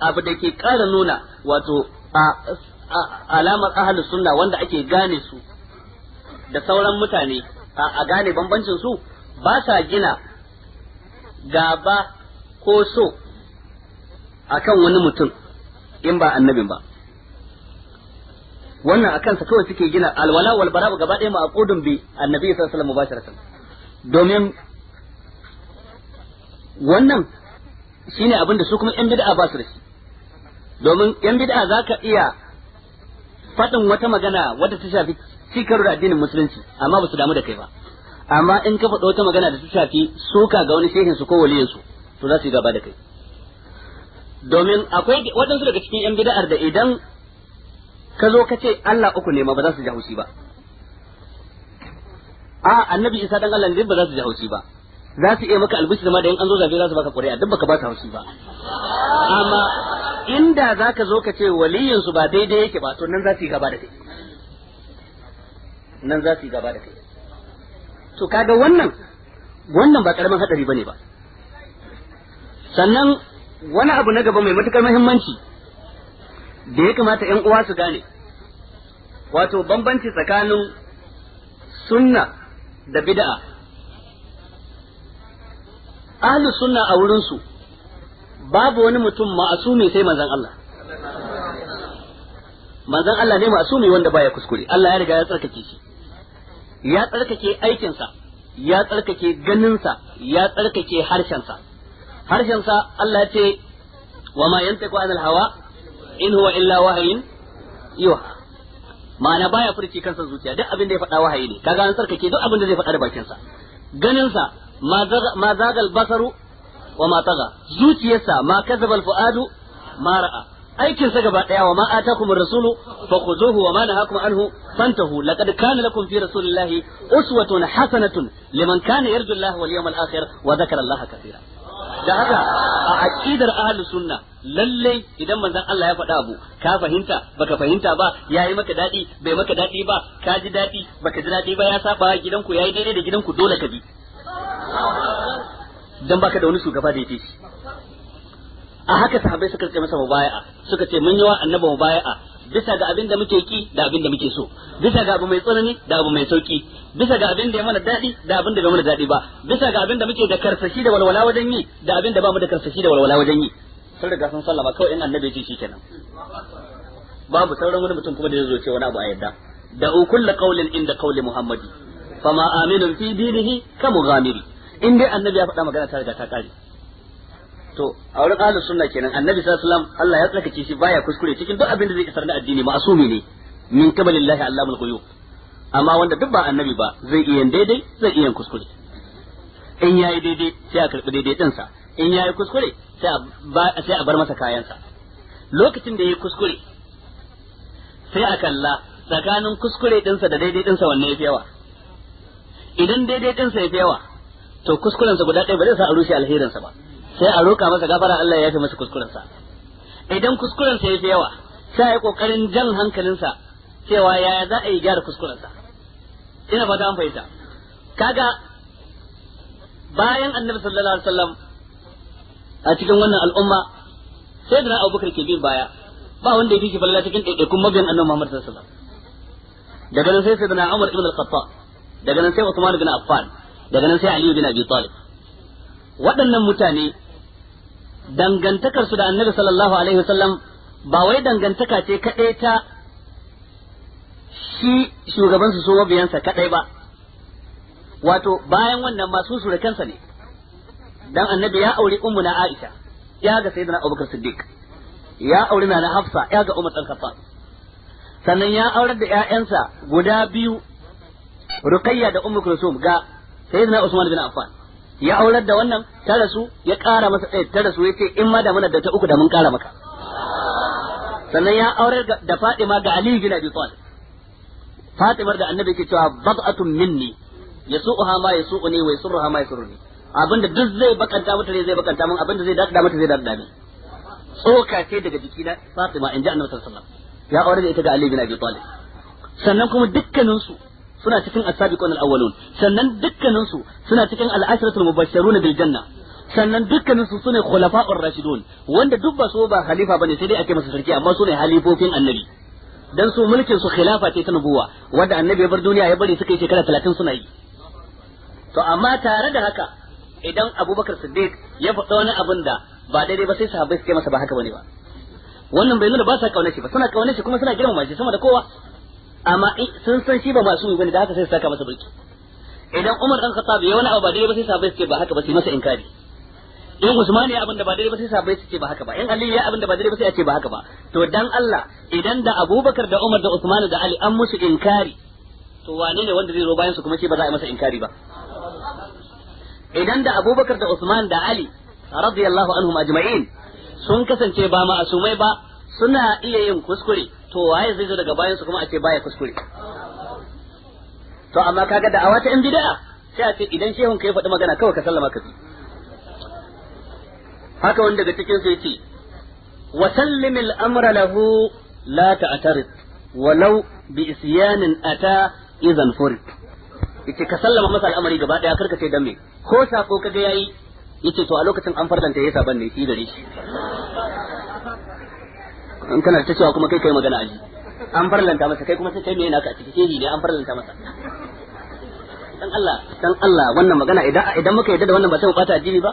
abu da ke ƙara nuna wato a alamar ahlus sunna wanda ake gane su da sauran mutane a gane bambancin su ba sa gina gaba ko so akan wani mutum in ba annabin ba wannan akan sa kawai suke gina alwala wal bara gaba ɗaya ma aqudun bi annabi sallallahu alaihi wasallam domin wannan shine abin da su kuma yan bid'a ba su da shi domin yan bid'a zaka iya faɗin wata magana wadda ta shafi cikar da addinin musulunci amma ba su damu da kai ba amma in ka faɗo wata magana da ta shafi suka ga wani shehin su ko waliyin su to za su yi gaba da kai domin akwai waɗansu daga cikin yan bid'ar da idan ka zo ka ce Allah uku ne ma ba za su ji haushi ba a annabi isa dan Allah ne ba za su ji haushi ba za su iya maka albishi zama da in an zo zabe za su baka ƙuri'a duk baka ba ta haushi ba amma inda za ka zo ka ce waliyin su ba daidai yake ba to nan za su yi gaba da kai nan za su yi gaba da kai to kaga wannan wannan ba karamin hadari bane ba sannan wani abu na gaba mai matukar muhimmanci da ya kamata ƴan uwa su gane wato bambanci tsakanin sunna da bid'a ahlus sunna a wurin su babu wani mutum ma'asumi sai manzon Allah manzon Allah ne ma'asumi wanda baya kuskure Allah ya riga ya tsarkake shi ya tsarkake aikinsa ya tsarkake ganinsa ya tsarkake harshensa harshensa Allah ce wa ma yantaku anil hawa in huwa illa wahayin yuha ma'ana baya furci kansa zuciya duk abin da ya faɗa wahayi ne kaga an tsarkake duk abin da zai faɗa da bakinsa ganinsa ma zagal basaru wa ma taga zuciyarsa ma kazaba alfuadu ma ra'a aikin sa gaba daya wa ma atakum rasulu fakhuzuhu wa ma nahakum anhu fantahu laqad kana lakum fi rasulillahi uswatun hasanatun liman kana yarju Allah wal yawmal akhir wa dhakara Allah katira da haka a aqidar ahlus sunna lalle idan manzon Allah ya faɗa abu ka fahimta baka fahimta ba yayi maka dadi bai maka dadi ba ka ji dadi baka ji dadi ba ya saba gidanku yayi daidai da gidanku dole ka bi dan baka da wani shugaba da yake shi a haka sahabbai suka rike masa mubaya'a suka ce mun yi wa annabi mubaya'a bisa ga abin da muke ki da abin da muke so bisa ga abu mai tsanani da abu mai sauki bisa ga abin da ya mana daɗi da abin da bai mana daɗi ba bisa ga abin da muke da karsashi da walwala wajen yi da abin da ba mu da karsashi da walwala wajen yi sun riga sun sallama kawai in annabi shi kenan. babu sauran wani mutum kuma da zai zo ce wani abu a yadda da ukulla qaulin inda qauli muhammadi Fa fama aminun fi dinihi ka mughamiri in dai annabi ya faɗa magana ta riga ta kare to a wurin ahlus sunna kenan annabi sallallahu alaihi wasallam Allah ya tsarkake shi baya kuskure cikin duk abin da zai isar na addini ma'asumi ne min kabalillahi allamul ghuyub amma wanda duk ba annabi ba zai iya daidai zai iya kuskure in yayi daidai sai a karbi daidai din sa in yayi kuskure sai a sai a bar masa kayansa lokacin da yayi kuskure sai a kalla tsakanin kuskure dinsa da daidai dinsa wanne yafi yawa idan daidai ɗin sa ya yawa to kuskuren sa guda ɗaya ba zai sa a rushe alherin sa ba sai a roka masa gafara Allah ya yafe masa kuskuren sa idan kuskuren sa ya yawa sai ya kokarin jan hankalin sa cewa yaya za a yi gyara kuskuren sa ina fata an fahimta kaga bayan annabi sallallahu alaihi wasallam a cikin wannan al'umma sai da na abubakar ke bin baya ba wanda ya fi shi balla cikin ɗaiɗaikun mabiyan annabi muhammad sallallahu alaihi wasallam daga nan sai sai da na umar ibn al-khattab daga nan sai Usman bin Affan daga nan sai Ali bin Abi Talib waɗannan mutane dangantakar su da Annabi sallallahu alaihi wasallam ba wai dangantaka ce kadai ta shi shugaban su so mabiyansa kadai ba wato bayan wannan masu kansa ne dan Annabi ya aure ummu na Aisha ya ga sayyidina Abubakar Siddiq ya aure na Hafsa ya ga Umar al Khattab sannan ya aurar da ƴaƴansa guda biyu ruqayya da ummu kulsum ga sayyidina usman bin affan ya aurar da wannan ta rasu ya ƙara masa ɗaya ta rasu yace in ma da muna da ta uku da mun ƙara maka sannan ya aurar da Fatima ga Ali bin Abi Talib Fatimar da Annabi yake cewa bad'atun minni yasu'uha ma yasu'uni wa yasurruha ma yasurruni abinda duk zai bakanta mata ne zai bakanta mun abinda zai dada mata zai dada min tsoka ce daga jikina Fatima inji Annabi sallallahu alaihi wasallam ya aurar da ita ga Ali bin Abi Talib sannan kuma dukkanin su suna cikin as-sabiqun al-awwalun sannan dukkanin su suna cikin al-ashratul mubashshirun bil janna sannan dukkanin su sune khulafa'ur rashidun wanda duk ba so ba khalifa bane sai dai ake masa sarki amma sune halifofin annabi dan su mulkin su khilafa ce ta nubuwa wanda annabi ya bar duniya ya bari suka yi shekara 30 suna yi to amma tare da haka idan abubakar siddiq ya faɗa wani abin da ba daidai ba sai sahabbai suke masa ba haka bane ba wannan bai nuna ba sa kauna shi ba suna kauna shi kuma suna girmama shi sama da kowa amma sun san shi ba masu bane da haka sai su saka masa burki idan Umar dan Khattab ya wani abu ba daidai ba sai sahabbai suke ba haka ba sai masa inkari in Usman ya abinda ba daidai ba sai sa bai suke ba haka ba in Ali ya abinda ba daidai ba sai a ce ba haka ba to dan Allah idan da Abubakar da Umar da Usman da Ali an musu inkari to wane ne wanda zai zo bayan su kuma ce ba za a masa inkari ba idan da Abubakar da Usman da Ali radiyallahu anhum ajma'in sun kasance ba ma asumai ba suna iya yin kuskure to waye zai zo daga bayan su kuma a ce baya kuskure to amma kaga da awata in bid'a sai a ce idan shehun kai faɗi magana kawai ka sallama ka bi haka wanda daga cikin su yace wa sallimil amra lahu la ta'tarid walau bi isyanin ata idan furid yace ka sallama masa al'amari gaba daya karka ce dan me ko sako kaga yayi yace to a lokacin an farlanta yayi saban ne shi gare shi in kana ta cewa kuma kai kai magana aji an farlanta masa kai kuma sai kai me naka a ciki shehi ne an farlanta masa dan Allah dan Allah wannan magana idan idan muka yadda da wannan ba sai mu bata addini ba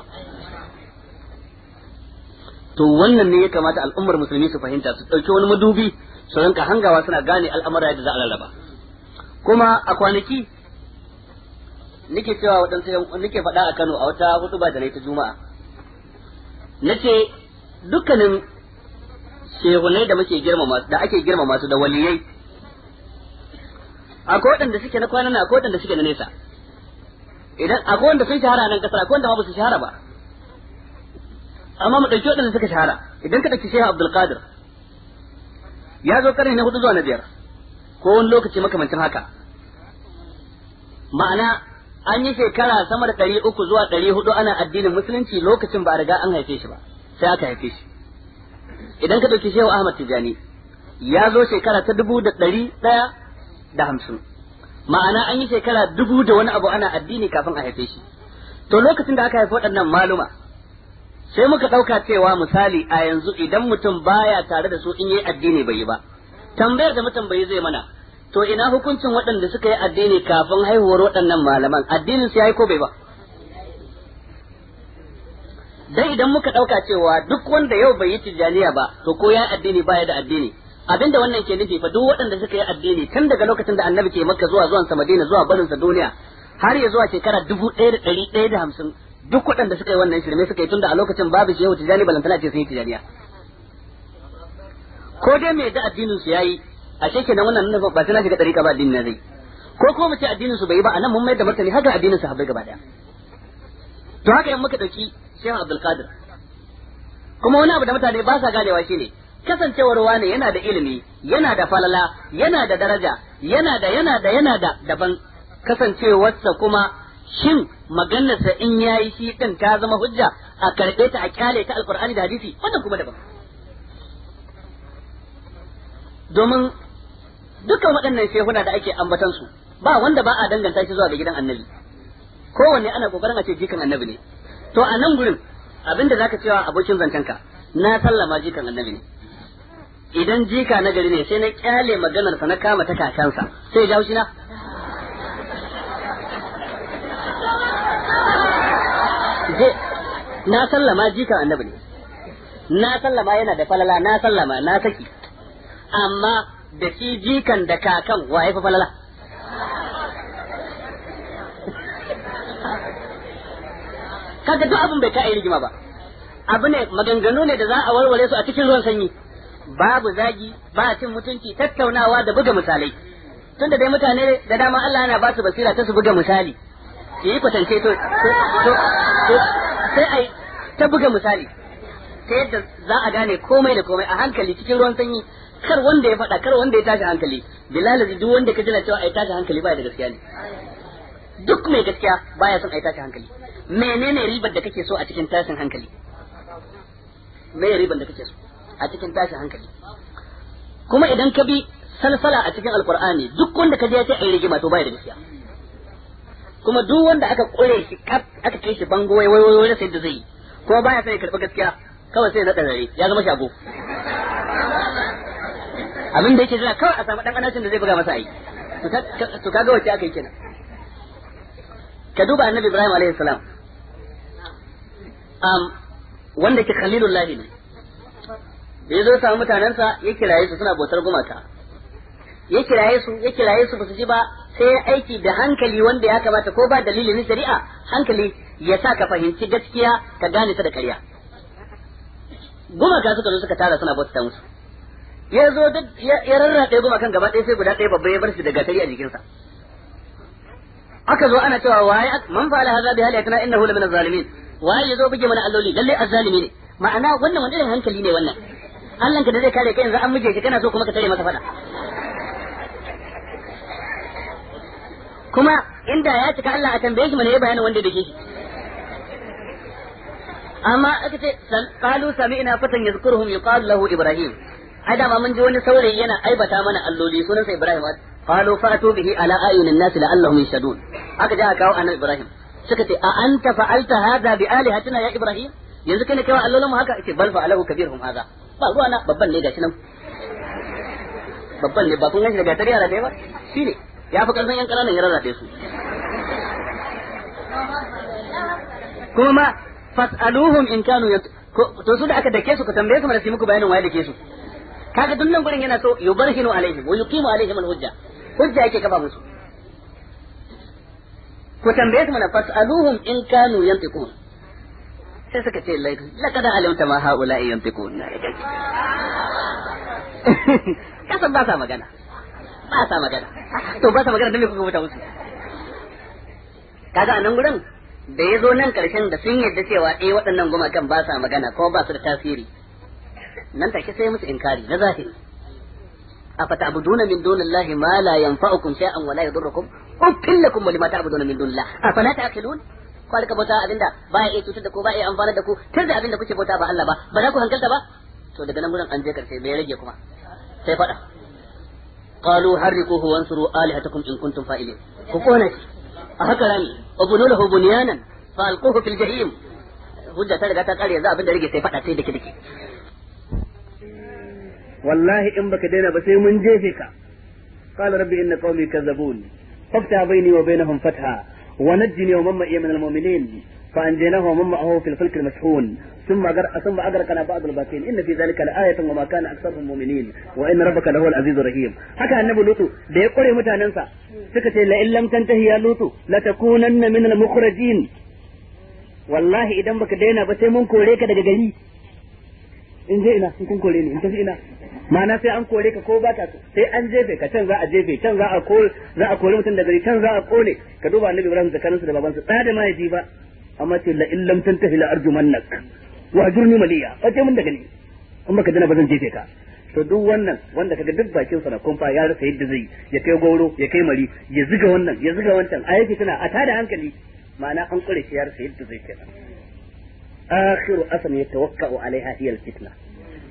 to wannan ne ya kamata al'ummar musulmi su fahimta su dauki wani madubi su rinka hangawa suna gane al'amura yadda za a rarraba kuma a kwanaki nake cewa waɗansu nake faɗa a Kano a wata hutuba da na ta Juma'a nace dukkanin shehunai da muke girmama da ake girmama su da waliyai akwai waɗanda suke na kwana akwai waɗanda suke na nesa idan akwai wanda sun shahara nan kasar akwai wanda ba su shahara ba amma mu ɗauki waɗanda suka shahara idan ka ɗauki shehu abdul qadir ya zo karni na hudu zuwa na biyar ko wani lokaci makamancin haka ma'ana an yi shekara sama da ɗari uku zuwa ɗari hudu ana addinin musulunci lokacin ba a riga an haife shi ba sai aka haife shi idan ka ɗauki shehu ahmad tijani ya zo shekara ta dubu da ɗari ɗaya da hamsin ma'ana an yi shekara dubu da wani abu ana addini kafin a haife shi to lokacin da aka haifi waɗannan maluma sai muka ɗauka cewa misali a yanzu idan mutum baya tare da su in yi addini bai yi ba tambayar da mutum bai zai mana to ina hukuncin waɗanda suka yi addini kafin haihuwar waɗannan malaman addinin su ya yi ko bai ba dan idan muka dauka cewa duk wanda yau bai yi tijaniya ba to ko ya addini baya da addini abinda wannan ke nufi fa duk waɗanda suka yi addini tun daga lokacin da annabi ke makka zuwa zuwan sa madina zuwa barin sa duniya har ya zuwa shekara dubu ɗaya da ɗari ɗaya da hamsin duk waɗanda suka yi wannan shirme suka yi tunda a lokacin babu shi yau tijani balantana ce sun yi tijaniya ko dai mai da addinin su yayi ashe kenan wannan nufin ba sai shiga ɗariƙa ba addini na zai ko kuma mu ce addinin su bai yi ba anan mun mai da martani haka addinin su gaba ɗaya to haka in muka ɗauki shehu abdul qadir kuma wani abu da mutane ba sa ganewa shine kasancewar wani yana da ilimi yana da falala yana da daraja yana da yana da yana da daban kasancewarsa kuma shin maganarsa in yayi shi din ta zama hujja a karbe ta a kyale ta alqur'ani da hadisi wannan kuma daban domin dukkan waɗannan shehuna da ake ambatan su ba wanda ba a danganta shi zuwa ga gidan annabi kowanne ana kokarin a ce jikan annabi ne to a nan gurin abinda zaka cewa abokin zankanka na sallama jikan annabi ne idan jika na gari ne sai na kyale maganar sa na kama ta kakansa sai ya shi na na sallama jikan annabi ne na sallama yana da falala na sallama na saki amma da shi jikan da kakan waye fa falala kaga duk abin bai kai rigima ba abu ne maganganu ne da za a warware su a cikin ruwan sanyi babu zagi ba cin mutunci tattaunawa da buga misalai tunda dai mutane da dama Allah yana ba su basira ta su buga misali su yi kwatance to sai ai ta buga misali ta yadda za a gane komai da komai a hankali cikin ruwan sanyi kar wanda ya faɗa kar wanda ya tashi hankali bilal duk wanda ka jira cewa ai tashi hankali ba da gaskiya ne duk mai gaskiya baya son a yi tashin hankali menene ribar da kake so a cikin tashin hankali me ribar da kake so a cikin tashin hankali kuma idan ka bi salsala a cikin alkur'ani duk wanda ka je sai a yi rigima to baya da gaskiya kuma duk wanda aka kore shi kaf aka kai shi bango wai wai wai sai da zai kuma baya sai karba gaskiya kawai sai na tsare ya zama shago abin da yake jira kawai a samu dan anacin da zai buga masa ai to kaga wace aka yi kenan ka duba annabi Ibrahim alayhi salam am wanda ke khalilullahi ne da ya zo samu mutanensa ya kiraye su suna bautar gumaka ya kiraye su ya kiraye su ba su ji ba sai ya aiki da hankali wanda ya kamata ko ba dalilin shari'a hankali ya sa ka fahimci gaskiya ka gane ta da ƙarya gumaka suka zo suka tara suna bautar musu ya zo duk ya rarraɗe gumakan gaba ɗaya sai guda ɗaya babba ya bar shi da gatari a jikinsa aka zo ana cewa waye man fa'ala hadha bi halatina innahu lamin zalimin waye yazo bige mana alloli lalle azzalimi ne ma'ana wannan wani irin hankali ne wannan Allah ka da zai kare ka yanzu an muje shi kana so kuma ka tare masa fada kuma inda ya cika Allah a tambaye shi mana ya bayanin wanda da shi amma aka ce qalu sami'na fatan yadhkuruhum yuqalu lahu ibrahim ai da mun ji wani saurayi yana aibata mana alloli sunansa ibrahim قالوا فأتوا به على أعين الناس لعلهم يشهدون أك جاء كاو أنا إبراهيم سكت أأنت فعلت هذا بآلهتنا يا إبراهيم يزكي كاو قال لهم هكا بل فعله كبيرهم هذا بابو أنا ببن لي شنو ببن لي بابو نجل قاتري على ديوة سيني يا فكر من ينقلنا يرى لا ديسو كما فاسألوهم إن كانوا يت... تسود أكا دكيسو كتنبيسو مرسيمكو بينهم وإلي كيسو كاكا دنن قرن ينسو يبرهن عليهم ويقيم عليهم الهجة hujja yake kafa musu ku tambaye su mana fas'aluhum in kanu yantiqun sai suka ce laifi laqad alimta ma haula yantiqun kasan ba sa magana ba sa magana to ba sa magana dan me kuka wuta musu kaga anan gurin da ya zo nan karshen da sun yadda cewa eh waɗannan gumakan ba sa magana ko ba su da tasiri nan take sai musu inkari na zahiri أفتعبدون من دون الله ما لا ينفعكم شيئا ولا يضركم أفل لكم ولما تعبدون من دون الله أفلا تعقلون kwalika bauta abinda ba ya iya cutar da ku ba ya amfana da ku tunda abinda kuke bauta ba Allah ba ba za ku hankalta ba to daga nan gurin an je karshe bai rage kuma sai faɗa qalu harriquhu wansuru alihatakum in kuntum fa'ilin ku kona shi a haka rami ubunu lahu bunyanan fa alquhu fil jahim hujja ta riga ta kare yanzu abinda rage sai faɗa sai dake dake wallahi in baka daina ba sai mun jefe ka qala rabbi inna qaumi kazzabun faftah baini wa bainahum fatha wa najjini wa mamma iya min almu'minin فأنجيناه ومن معه في الفلك المشحون ثم أجر... ثم أغرقنا بعض الباقين إن في ذلك لآية وما كان أكثرهم مؤمنين وإن ربك لهو العزيز الرحيم حكى النبي لوط da ya kore mutanensa suka ce la illam tantahi ya lutu la takunanna min al mukhrajin wallahi idan baka daina ba sai mun kore ka daga gari in je ina sun kun kore ni in tafi ina ma'ana sai an kore ka ko ba ta sai an jefe ka can za a jefe can za a kore za a kore mutum da gari can za a kone ka duba annabi Ibrahim tsakanin su da babansa da da mahaifi ba amma ce la illam tantahi la arjumannak wa ajurni maliya wace mun daga ni in baka dana ba zan jefe ka to duk wannan wanda kaga duk bakin sa na kumfa ya rasa yadda zai ya kai goro ya kai mari ya ziga wannan ya ziga wancan a yake tana a tada hankali ma'ana an kure shi ya rasa yadda zai kenan akhiru asan yatawakka'u alaiha hiya alfitna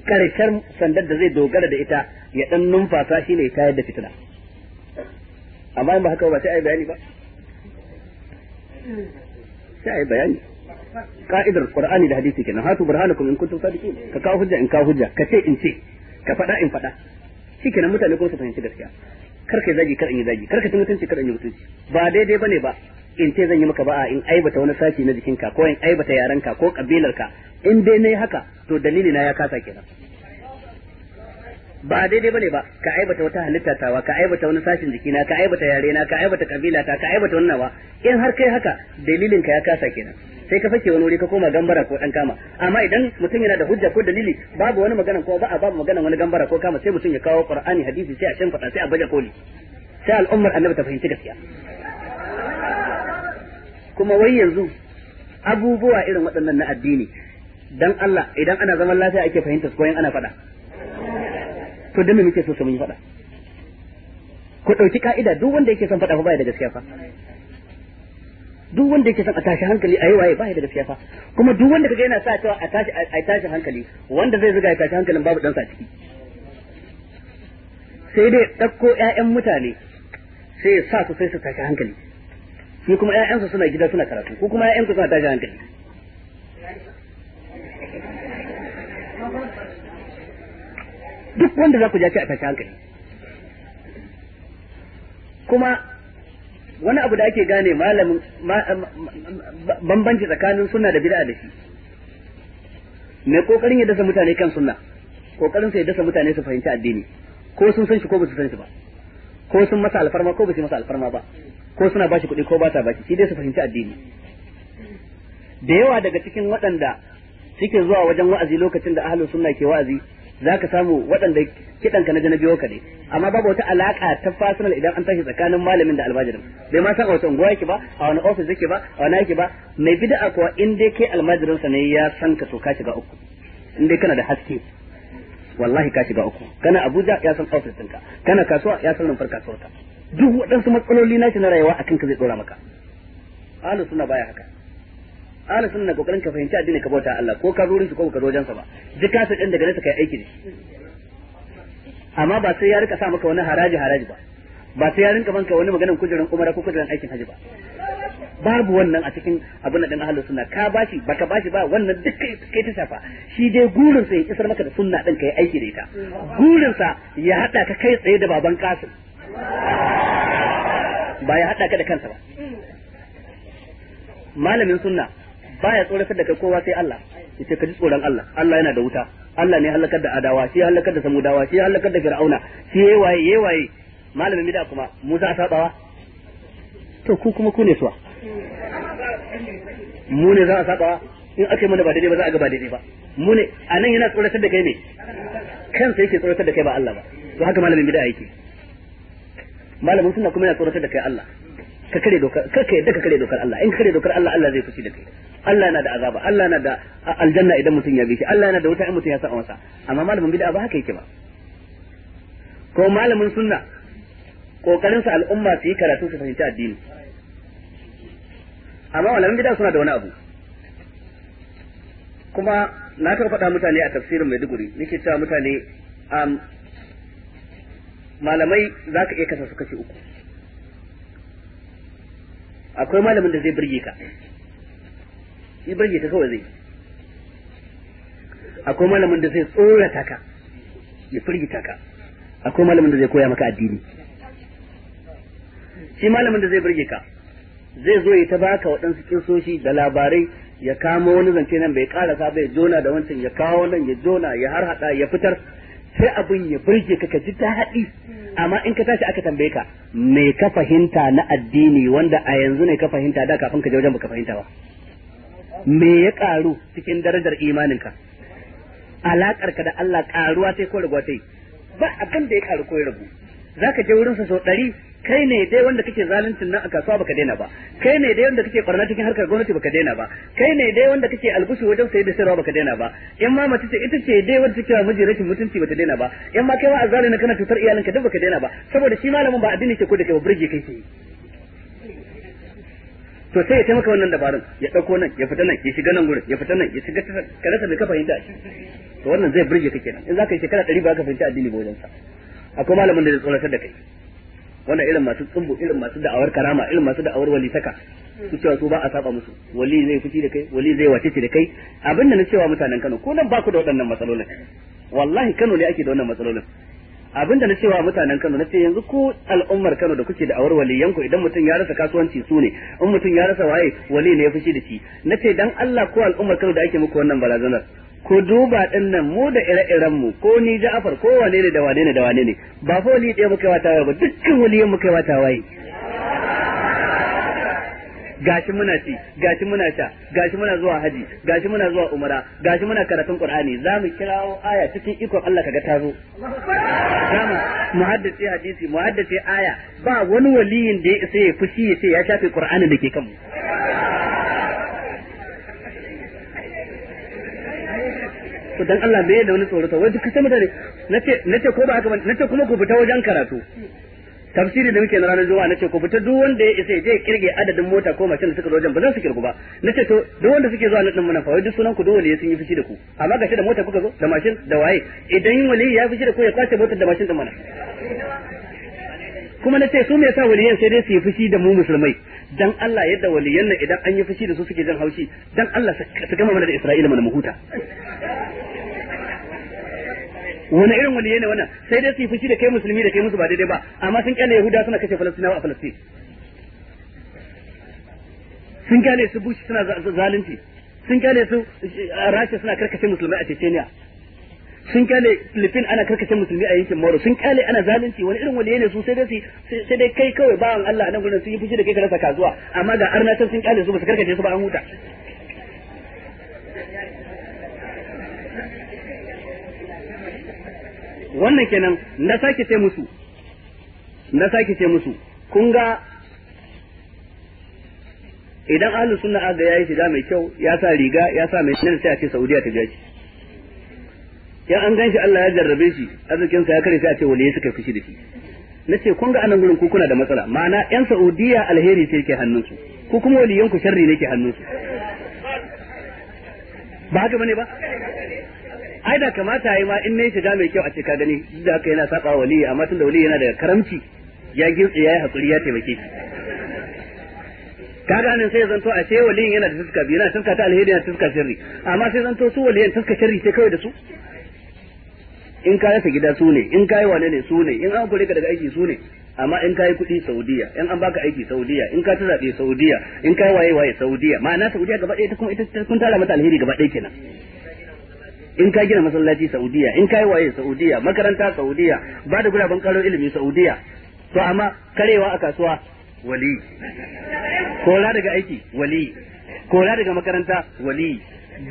karshen sandar da zai dogara da ita ya dan numfasa shine ta yadda fitna amma ba haka ba sai ai bayani ba sai ai bayani ka'idar qur'ani da hadisi kenan hatu burhanakum in kuntum sadiqin ka kawo hujja in kawo hujja ka ce in ce ka faɗa in faɗa shikenan mutane ko su fahimci gaskiya kar ka zagi kar in yi zagi kar ka ci kar in yi mutunci ba daidai bane ba in ce zan yi maka ba'a in aibata wani sashi na jikinka ko in aibata yarenka ko kabilarka in dai nayi haka to dalili na ya kasa kenan ba daidai bane ba ka aibata wata halitta tawa ka aibata wani sashin jikina ka aibata yarena ka aibata kabila ta ka aibata wannan wa in har kai haka dalilin ka ya kasa kenan sai ka fake wani wuri ka koma gambara ko dan kama amma idan mutum yana da hujja ko dalili babu wani magana ko ba a babu magana wani gambara ko kama sai mutum ya kawo qur'ani hadisi sai a shan fada sai a baje koli sai al'ummar annabi ta fahimci gaskiya kuma wai yanzu abubuwa irin waɗannan na addini dan Allah idan ana zaman lafiya ake fahimta su koyan ana faɗa to dan me muke so su mun faɗa ku ɗauki ka'ida duk wanda yake son faɗa fa baya da gaskiya fa duk wanda yake son a tashi hankali a yi waye baya da gaskiya fa kuma duk wanda kaga yana sa cewa a tashi a tashi hankali wanda zai zuga ya tashi hankalin babu dan sa ciki sai dai ɗauko ƴaƴan mutane sai ya sa su sai su tashi hankali shi kuma ƴaƴansa suna gida suna karatu ko kuma ƴaƴanku suna tashi hankali duk wanda za ku ja a tashi hankali kuma wani abu da ake gane malamin bambanci tsakanin suna da bid'a da shi mai kokarin ya dasa mutane kan suna kokarin sa ya dasa mutane su fahimci addini ko sun san shi ko ba su san shi ba ko sun masa alfarma ko ba su masa alfarma ba ko suna bashi kuɗi ko ba ta bashi shi dai su fahimci addini da yawa daga cikin waɗanda suke zuwa wajen wa'azi lokacin da ahlus sunna ke wa'azi zaka samu waɗanda ka na janabiyo ka ne amma babu wata alaka ta fasinal idan an tashi tsakanin malamin da almajirin bai ma san wata unguwa yake ba a wani ofis yake ba a wani yake ba mai bid'a kuwa in dai kai almajirin sa ne ya san ka to ka shiga uku in dai kana da haske wallahi ka shiga uku kana Abuja ya san ofis ɗinka kana kasuwa ya san rumfar kasuwarka duk waɗansu matsaloli nashi na rayuwa akan ka zai tsora maka ahlus sunna baya haka ahlus sunna kokarin ka fahimci addini ka bauta Allah ko ka zo wurin ko ka zo jansa ba duk ka sa din daga nesa kai aiki ne shi amma ba sai ya rika sa maka wani haraji haraji ba ba sai ya rinka banka wani maganar kujeran umara ko kujeran aikin haji ba babu wannan a cikin abin da ahlus sunna ka bashi baka bashi ba wannan duk kai ta shafa shi dai gurin sa ya isar maka da sunna din kai aiki da ita gurin sa ya hada ka kai tsaye da baban kasim ba ya haɗa ka da kansa ba malamin sunna baya tsoratar da kai kowa sai Allah ita ka ji tsoron Allah Allah yana da wuta Allah ne halakar da adawa shi halakar da samudawa shi halakar da fir'auna shi yayi waye yayi waye malamin bid'a kuma mu za a sabawa to ku kuma ku ne suwa mu ne za a sabawa in aka yi mana ba daidai ba za a ga ba daidai ba mu ne anan yana tsoratar da kai ne kansa yake tsoratar da kai ba Allah ba to haka malamin bid'a yake malamin suna kuma yana tsoratar da kai Allah ka kare dokar ka kai da ka kare dokar Allah in ka kare dokar Allah Allah zai fushi da kai Allah yana da azaba Allah yana da aljanna idan mutum ya bi shi Allah yana da wuta in mutum ya sa amma malamin bid'a ba haka yake ba ko malamin sunna kokarin sa al'umma su yi karatu su fahimci addini amma malamin bid'a suna da wani abu kuma na taɓa faɗa mutane a tafsirin Maiduguri nake cewa mutane um, malamai za ka iya kasa su kashe uku akwai malamin da zai birge ka shi birge ka kawai zai akwai malamin da zai tsorata ka ya firgita ka akwai malamin da zai koya maka addini shi malamin da zai birge ka zai zo ya ta baka waɗansu kinsoshi da labarai ya kamo wani zance nan bai karasa bai jona da wancan ya kawo nan ya jona ya harhaɗa ya fitar sai abin ya burge ka ka ji haɗi, amma in ka tashi aka tambaye ka me ka fahimta na addini wanda a yanzu ne ka fahimta da kafin ka je wajen baka fahimta ba me ya karu cikin darajar imaninka alakar ka da Allah karuwa sai ko raguwa sai ba abin da ya karu ko ragu zaka je wurin sa sau ɗari kai ne dai wanda kake zaluncin nan a kasuwa baka daina ba kai ne dai wanda kake barna cikin harkar gwamnati baka daina ba kai ne dai wanda kake albushi wajen sayar da sayarwa baka daina ba in ma mace ce ita ce dai wanda kake miji rashin mutunci bata daina ba in ma kai ma azali ne kana tutar iyalinka duk baka daina ba saboda shi malamin ba addini ke ko da kai ba burge kai ke to sai ya taimaka wannan dabarun ya dauko nan ya fita nan ya shiga nan gurin ya fita nan ya shiga karasa mai ka fahimta to wannan zai burge ka nan in zaka yi shekara 100 ba ka fahimta addini ba wajen sa akwai malamin da zai tsoratar da kai wanda irin masu tsumbu irin masu da'awar karama irin masu da'awar walisaka. Hmm. su cewa su ba a saba musu wali zai fushi da kai wali zai wace da kai abin da na cewa mutanen Kano ko nan ba ku da waɗannan matsalolin wallahi Kano ne ake da wannan matsalolin abin da na cewa mutanen Kano na ce yanzu ko al'ummar Kano da kuke da awar waliyan idan mutum ya rasa kasuwanci su ne in mutum ya rasa waye wali ne ya fushi da shi na ce dan Allah ko al'ummar Kano da ake muku wannan barazanar ko duba ɗin nan mu da ire-iren mu ko ni Ja'far ko wane ne da wane ne da wane ne ba fa wali ɗaya muka wata waye ba dukkan waliyan muka wata waye gashi muna ci gashi muna sha gashi muna zuwa haji gashi muna zuwa umara gashi muna karatun qur'ani zamu kirawo aya cikin ikon Allah kaga ta zo zamu mu haddace hadisi mu haddace aya ba wani waliyin da ya isa ya fushi ya ce ya shafe qur'ani da ke kanmu to dan Allah me da wani tsoro to wai duk sai mutane nace nace ko ba haka ba nace kuma ku fita wajen karatu tafsiri da muke na ranar juma'a nace ku fita duk wanda ya isa je kirge adadin mota ko mashin da suka zo wajen ba zan su kirgu ba nace to duk wanda suke zuwa nan muna fa wai duk sunan ku duk ya sun yi fushi da ku amma gashi da mota kuka zo da mashin da waye idan wali ya fushi da ku ya kwace motar da mashin din mana kuma nace su me yasa waliyan sai dai su yi fushi da mu musulmai dan Allah yadda waliyan nan idan an yi fushi da su suke jan haushi dan Allah su gama mana da Isra'ila mana mu huta wani irin wani ne wannan sai dai su yi fushi da kai musulmi da kai musu ba daidai ba amma sun kyale yahuda suna kashe falastinawa a falastin sun kyale su bushi suna zalunci sun kyale su eh, rasha suna karkashe musulmai a chechenia sun kyale filifin ana karkashe musulmi a yankin moro sun kyale ana zalunci wani irin waliye ne su sai dai sai dai kai kawai bawan Allah nan gurin sun yi fushi da kai ka rasa kasuwa amma ga arnatan sun kyale su ba su karkashe su ba an huta wannan kenan na sake ce musu na sake ce musu kun ga idan ahlus sunna aga yayi shiga mai kyau ya sa riga ya sa mai nan sai a ce saudiya ta shi. ya an ganshi Allah ya jarrabe shi arzikin sa ya kare sai a ce ya suka fushi da shi nace kun ga anan gurin ku kuna da matsala ma'ana yan saudiya alheri sai ke hannunsu ku kuma waliyan ku sharri ne ke hannunsu ba haka bane ba ai da kamata yayi ma in ne shiga mai kyau a ce ka gani duk da haka yana saba wali amma tun da wali yana da karamci ya ya yayi hakuri ya taimake shi kaga nan sai zanto a ce wali yana da tuska biyu yana tuska ta alheri yana tuska sirri amma sai zanto su yana tuska sirri sai kawai da su in ka rasa gida su ne in ka yi wane ne su ne in an kure ka daga aiki su ne amma in ka yi kuɗi saudiya in an baka aiki saudiya in ka ta zaɓe saudiya in ka yi waye waye saudiya ma'ana saudiya gaba ɗaya ta kuma ita kun tara mata alheri gaba ɗaya kenan in ka gina masallaci saudiya in ka yi waye saudiya makaranta saudiya ba da guraben karo ilimi saudiya to amma karewa a kasuwa wali kola daga aiki wali kola daga makaranta wali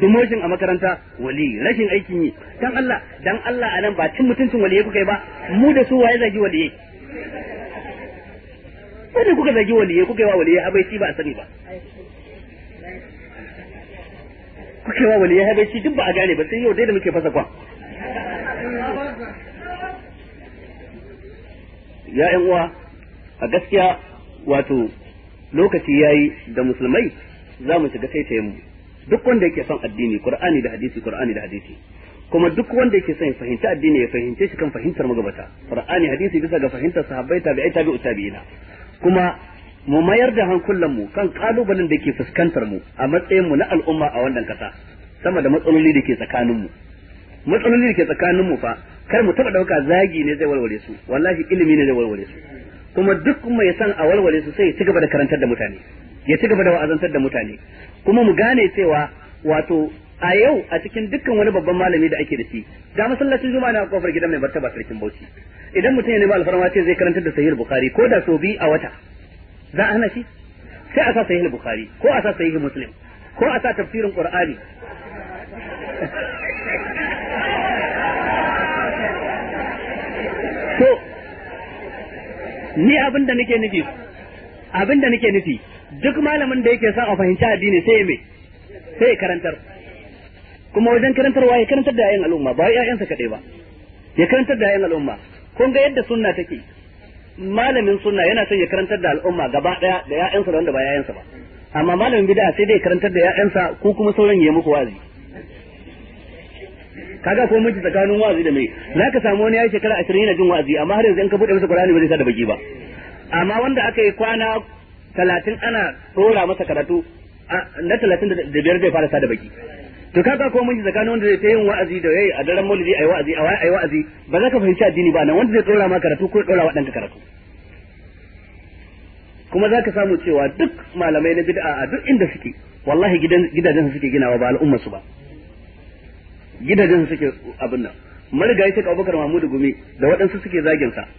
dumoshin a makaranta wali rashin aikin yi dan Allah dan Allah nan ba cin mutuncin waliye kuka yi ba mu da su waye zagi waliye Wani kuka zagi waliye kuka yi wa waliye abai ba a sani ba kuke wa waliyai shi duk ba a gane ba sai yau dai da muke fasa kwan ya yan uwa a gaskiya wato lokaci ya yi da musulmai za mu shiga sai mu duk wanda yake son addini qur'ani da hadisi qur'ani da hadisi kuma duk wanda yake son fahimta addini ya fahimce shi kan fahimtar magabata qur'ani hadisi bisa ga fahimtar sahabbai tabi'ai tabi'u tabi'ina kuma mu mayar da hankulanmu kan kalubalen da ke fuskantar mu a matsayin mu na al'umma a wannan kasa sama da matsaloli da ke tsakaninmu matsaloli da ke tsakaninmu fa kar mu taba dauka zagi ne zai walwale su wallahi ilimi ne zai walwale su kuma duk mai san a walwale su sai ya ci gaba da karantar da mutane ya ci gaba da wa'azantar da mutane kuma mu gane cewa wato a yau a cikin dukkan wani babban malami da ake da shi ga masallacin juma'a na kofar gidan mai ba sarkin Bauchi idan mutum ya nemi alfarma ce zai karantar da sahih bukhari ko da so bi a wata za a hana shi sai a sa sahih bukhari ko a sa sahih muslim ko a sa tafsirin qur'ani to ni abin da nake nufi abin da nake nufi duk malamin da yake son a fahimci addini sai me sai karantar kuma wajen karantarwa ya karantar da yayin al'umma ba ya'yansa kaɗai ba ya karantar da yayin al'umma kun ga yadda sunna take malamin sunna yana son ya karantar da al'umma gaba daya da ya'yansa da wanda ba ya'yansa ba amma malamin bid'a sai dai karantar da ya'yansa ko kuma sauran ya muku wazi kaga ko miji tsakanin wazi da mai zaka samu wani ya yi shekara 20 yana jin wazi amma har yanzu in ka bude masa Qur'ani ba zai sa da baki ba amma wanda aka yi kwana 30 ana dora masa karatu na 35 zai fara sa da baki to kaga ko mun tsakanin wanda zai ta yin wa'azi da yayi a daren maulidi ayi wa'azi ayi wa'azi ba za ka fahimci addini ba nan wanda zai tsora ma karatu ko dora wadanka karatu kuma za ka samu cewa duk malamai na bid'a a duk inda suke wallahi gidajen suke ginawa ba al'umma su ba gidajen suke abin nan marigayi ta Abubakar mahmudu Gumi da waɗansu suke zagin sa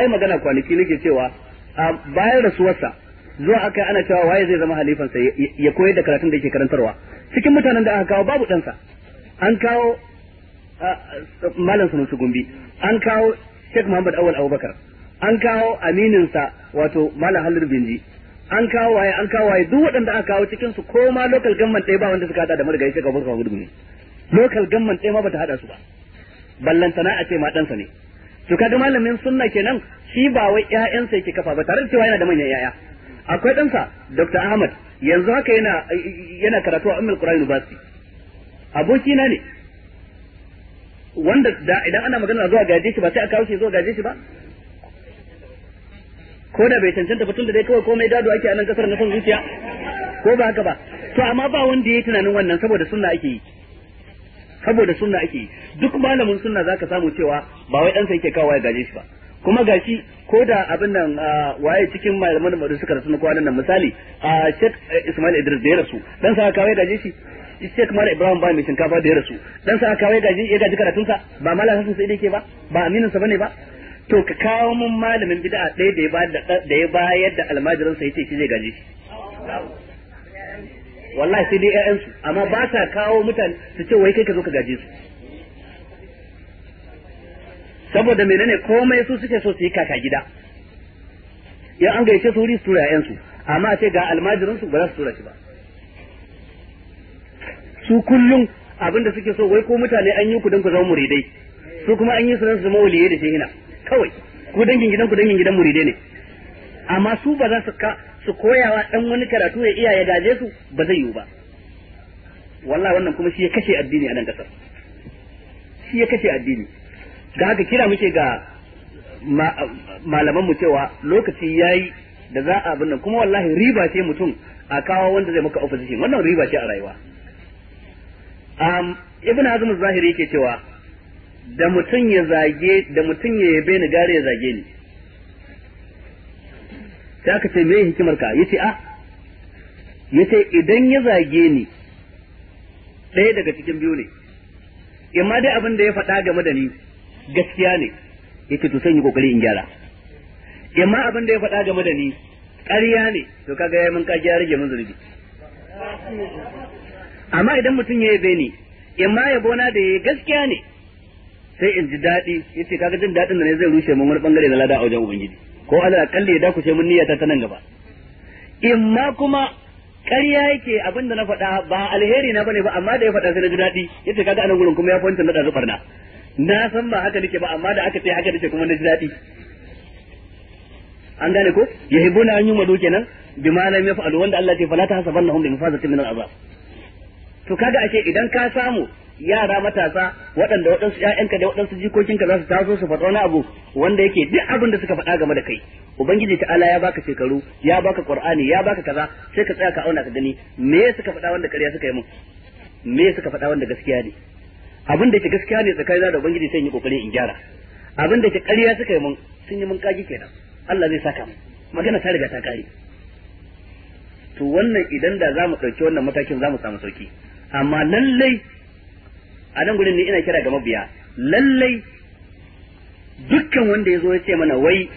yi magana kwanaki nake cewa a bayan rasuwarsa zuwa aka ana cewa waye zai zama halifansa ya koyar da karatun da yake karantarwa cikin mutanen da aka kawo babu ɗansa an kawo malam sunusu gumbi an kawo Sheikh Muhammad Awal Abubakar an kawo amininsa wato malam Halil Binji an kawo waye an kawo waye duk waɗanda aka kawo cikin su ko ma local government ɗaya ba wanda suka hada da marigayi Sheikh Abubakar Gudu ne local government ɗaya ma bata hada su ba ballantana a ce ma ɗansa ne to kaga malamin sunna kenan shi ba wai ƴaƴansa yake kafa ba tare da cewa yana da manyan ƴaƴa akwai ɗansa Dr. Ahmad yanzu haka yana yana karatu a Ummul Qura University aboki na ne wanda da idan ana magana zuwa gaje shi ba sai a kawo shi zuwa gaje shi ba ko da bai cancanta ba da dai kawai komai gado ake a nan kasar na son zuciya ko ba haka ba to amma ba wanda yayi tunanin wannan saboda sunna ake yi saboda sunna ake yi duk malamin sunna zaka samu cewa ba wai ɗansa yake kawo ya gaje shi ba kuma gashi ko da abin nan waye cikin malaman da suka rasu na kwanan nan misali a Sheikh eh, Ismail Idris da ya rasu dan sa kawai gaje shi Sheikh Mala Ibrahim ba mai shinkafa da ya rasu dan sa kawai gaje ya gaji karatun sa ba malamin sa sai dai ke ba ba aminin sa bane ba to ka kawo mun malamin bid'a ɗaya da ya ba da ya bayar da almajirin sa yace shi zai gaje shi wallahi sai dai ƴaƴan su amma ba sa kawo mutane su ce wai kai ka zo ka gaje su saboda menene komai su suke so su yi kaka gida in an gaishe su wuri su tura yayansu amma a ce ga almajirin su ba za su tura shi ba su kullum abin da suke so wai ko mutane an yi ku dan ku zama muridai su kuma an yi su don su zama waliyai da shehina kawai ku dangin gidan ku dangin gidan muridai ne amma su ba za su ka su koyawa dan wani karatu ya iyaye gaje su ba zai yiwu ba wallahi wannan kuma shi ya kashe addini a nan kasar shi ya kashe addini da haka kira muke ga malaman mu cewa lokaci yayi da za a binne kuma wallahi riba ce mutum a kawo wanda zai maka opposition wannan riba ce a rayuwa um, ibn azm zahiri yake cewa da mutum ya zage da mutum ya yabe ni gare ya zage ni sai aka ce me hikimar ka yace a ah, yace idan ya zage ni ɗaya daga cikin biyu ne ma dai abin da ya faɗa game da ni gaskiya ne yake to sai yi kokari in gyara amma abin da ya faɗa game da ni ƙarya ne to kaga yayi mun ka gyara rage mun zunubi amma idan mutum ya yabe ni amma bona da yayi gaskiya ne sai in ji daɗi yace kaga jin daɗin da ne zai rushe mun wani bangare na lada a wajen ubangiji ko Allah kalle ya dakushe mun niyyata ta nan gaba amma kuma ƙarya yake abin da na faɗa ba alheri na bane ba amma da ya faɗa sai na ji daɗi yace kaga anan gurin kuma ya fahimta na da zubarna na san ba haka nake ba amma da aka ce haka nake kuma na ji daɗi an gane ko hibu na yi madu kenan bi ma lam yaf'alu wanda Allah ce fala tahsabannahum bi mafazatin min al'azab to kaga ashe idan ka samu yara matasa waɗanda waɗansu ƴaƴanka da waɗansu jikokinka za su taso su faɗa wani abu wanda yake duk abin da suka faɗa game da kai ubangiji ta'ala ya baka shekaru ya baka qur'ani ya baka kaza sai ka tsaya ka auna ka gani me suka faɗa wanda ƙarya suka yi mun me suka faɗa wanda gaskiya ne abin da ke gaskiya ne tsakanin da ubangiji sai yi kokari in gyara abin da ke ƙarya suka yi mun sun yi mun kagi kenan Allah zai saka mu magana ta riga ta kare to wannan idan da za mu ɗauki wannan matakin za samu sauki amma lallai a nan gurin ne ina kira ga mabiya lallai dukkan wanda ya zo ya ce mana wai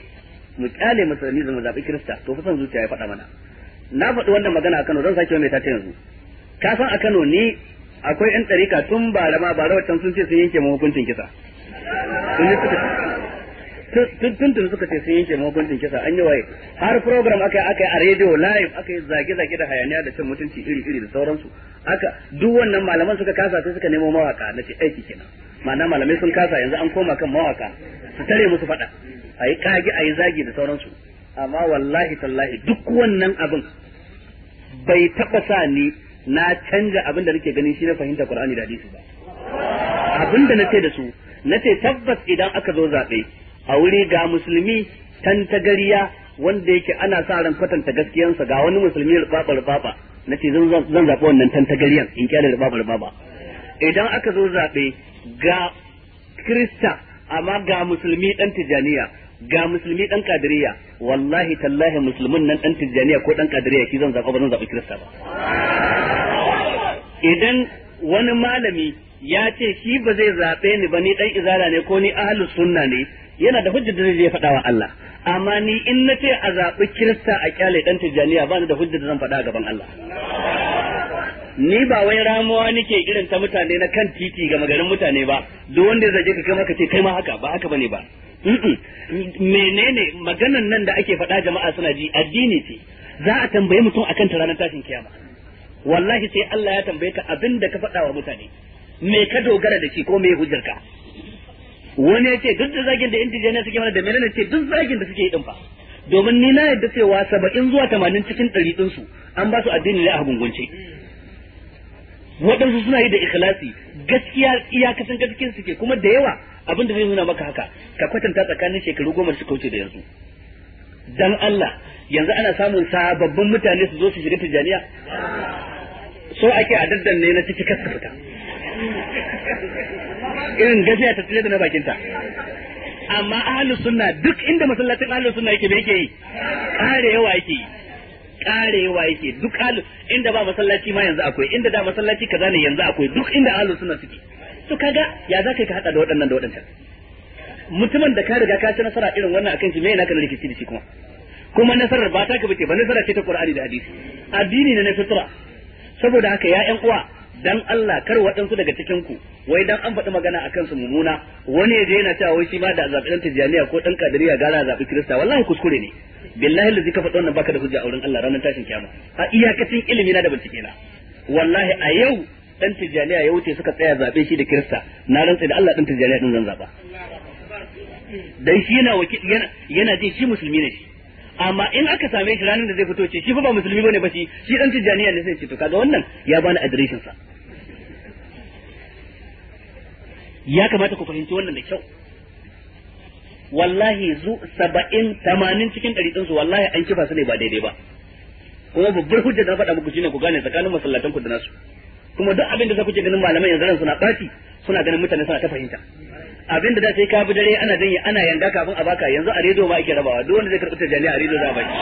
mu kyale musulmi mu zaɓi kirista to fasan zuciya ya faɗa mana na faɗi wannan magana a Kano zan sake ta ta yanzu ka san a Kano ni akwai yan ɗarika tun ba da ma ba rawatan sun ce sun yanke mahukuncin kisa tun tun suka ce sun yanke mahukuncin kisa an yi waye har program aka yi aka yi a rediyo live aka yi zage-zage da hayaniya da cin mutunci iri-iri da sauransu aka duk wannan malaman suka kasa sai suka nemo mawaka na ce aiki kenan ma'ana malamai sun kasa yanzu an koma kan mawaka su tare musu faɗa a yi kage a yi zage da sauransu amma wallahi tallahi duk wannan abin bai taɓa sa ni na canza abin da nake gani shi na fahimta Qur'ani da hadisi ba abin da nace da su nace tabbas idan aka zo zabe a wuri ga musulmi tantagariya wanda yake ana sa ran kwatanta gaskiyarsa, ga wani musulmi rubaba rubaba nace zan zan wannan tantagariyan in kyale rubaba rubaba idan aka zo zabe ga krista amma ga musulmi dan tijaniya ga musulmi dan kadiriya wallahi tallahi musulmin nan dan tijjaniya ko dan kadiriya shi zan zaba ba zaba kirista ba idan wani malami ya ce shi ba zai zabe ni ba ni ɗan izara ne ko ni ahlus sunna ne yana da hujjar da zai faɗa wa Allah amma ni in na ce a zaɓi kirista a kyale dan tijjaniya ba ni da hujjar da zan faɗa gaban Allah ni ba wai ramuwa nake irin ta mutane na kan titi ga magarin mutane ba duk wanda ya zage ka kai maka ce kai ma haka ba haka bane ba menene maganan nan da ake faɗa jama'a suna ji addini ce za a tambaye mutum akan ta ranar tashin kiyama wallahi sai Allah ya tambaye ka abin da ka faɗa wa mutane me ka dogara da shi ko me hujjarka wani ya ce duk da zagin da indijiyana suke mana da menene ce duk zagin da suke yi din fa domin ni na yadda cewa saba'in zuwa tamanin cikin ɗari ɗinsu an ba su addini ne a gungunce waɗansu suna yi da ikhlasi gaskiya iyakacin gaskiyar suke kuma da yawa abin da zai nuna maka haka ka kwatanta tsakanin shekaru goma suka wuce da yanzu dan Allah yanzu ana samun sababbin mutane su zo su shiga tijaniya so ake a daddan ne na ciki kasa fita irin gaskiya ta tsile da na bakinta amma ahlus sunna duk inda masallacin ahlus sunna yake me yake yi kare yawa yake yi karewa yake duk alu inda ba masallaci ma yanzu akwai inda da masallaci kaza ne yanzu akwai duk inda alu suna suke to kaga ya za ka hada da waɗannan da waɗancan mutumin da ka riga ka ci nasara irin wannan akan shi me yana kana rikici da shi kuma kuma nasarar ba ta ka bace ba nasara ce ta Qur'ani da hadisi addini ne na fitra saboda haka ya ƴan uwa dan Allah kar waɗansu daga cikin ku wai dan an faɗi magana akan su mummuna wani ya je yana cewa wai shi ma da zabi dan tijaniya ko dan kadiriya gara zabi kirista wallahi kuskure ne billahi lazi ka faɗi wannan baka da hujja a wurin Allah ranar tashin kiyama a iyakacin ilimi na da bincike na wallahi a yau dan tijaniya ya wuce suka tsaya zabe shi da kirista na rantsa da Allah dan tijaniya din zan zaba dan shi yana yana yana ji shi musulmi ne amma in aka same shi ranar da zai fito ce shi fa ba musulmi bane ba shi shi dan tijaniya ne sai ce to kaga wannan ya bani adireshin sa ya kamata ku fahimci wannan da kyau wallahi zu saba'in tamanin cikin ɗari ɗinsu wallahi an kifa su ne ba daidai ba kuma babbar hujja da faɗa muku shine ku gane tsakanin masallatan ku da nasu kuma duk abin da za ku ganin malamai yanzu ran suna ɓaci suna ganin mutane suna ta fahimta abin da da sai ka bi dare ana janye ana yanda kafin a baka yanzu a rediyo ma ake rabawa duk wanda zai karɓi tajali a rediyo za a baki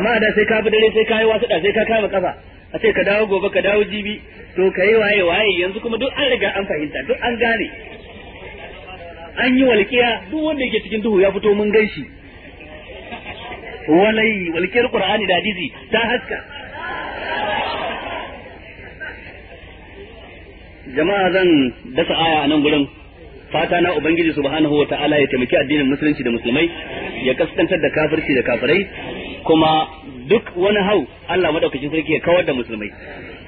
amma da sai ka bi dare sai ka yi wasu da sai ka kama kafa a ce ka dawo gobe ka dawo jibi to ka yi waye waye yanzu kuma duk an riga an fahimta duk an gane an yi walƙiya duk wanda yake cikin duhu ya fito mun gan shi walai walƙiyar qur'ani da hadisi ta haska jama'a zan dasa aya a nan gurin fata na ubangiji subhanahu wa ta'ala ya taimaki addinin musulunci da musulmai ya kaskantar da kafirci da kafirai kuma duk wani hau Allah madaukakin sarki ya kawar da musulmai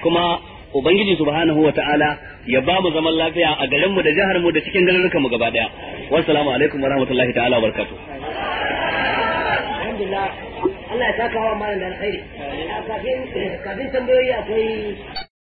kuma ubangiji subhanahu wa ta'ala ya ba mu zaman lafiya a garin mu da jihar mu da cikin garurukan mu gaba daya wassalamu alaikum warahmatullahi ta'ala wabarakatuh alhamdulillah Allah ya saka wa malam da alkhairi kafin tambayoyi akwai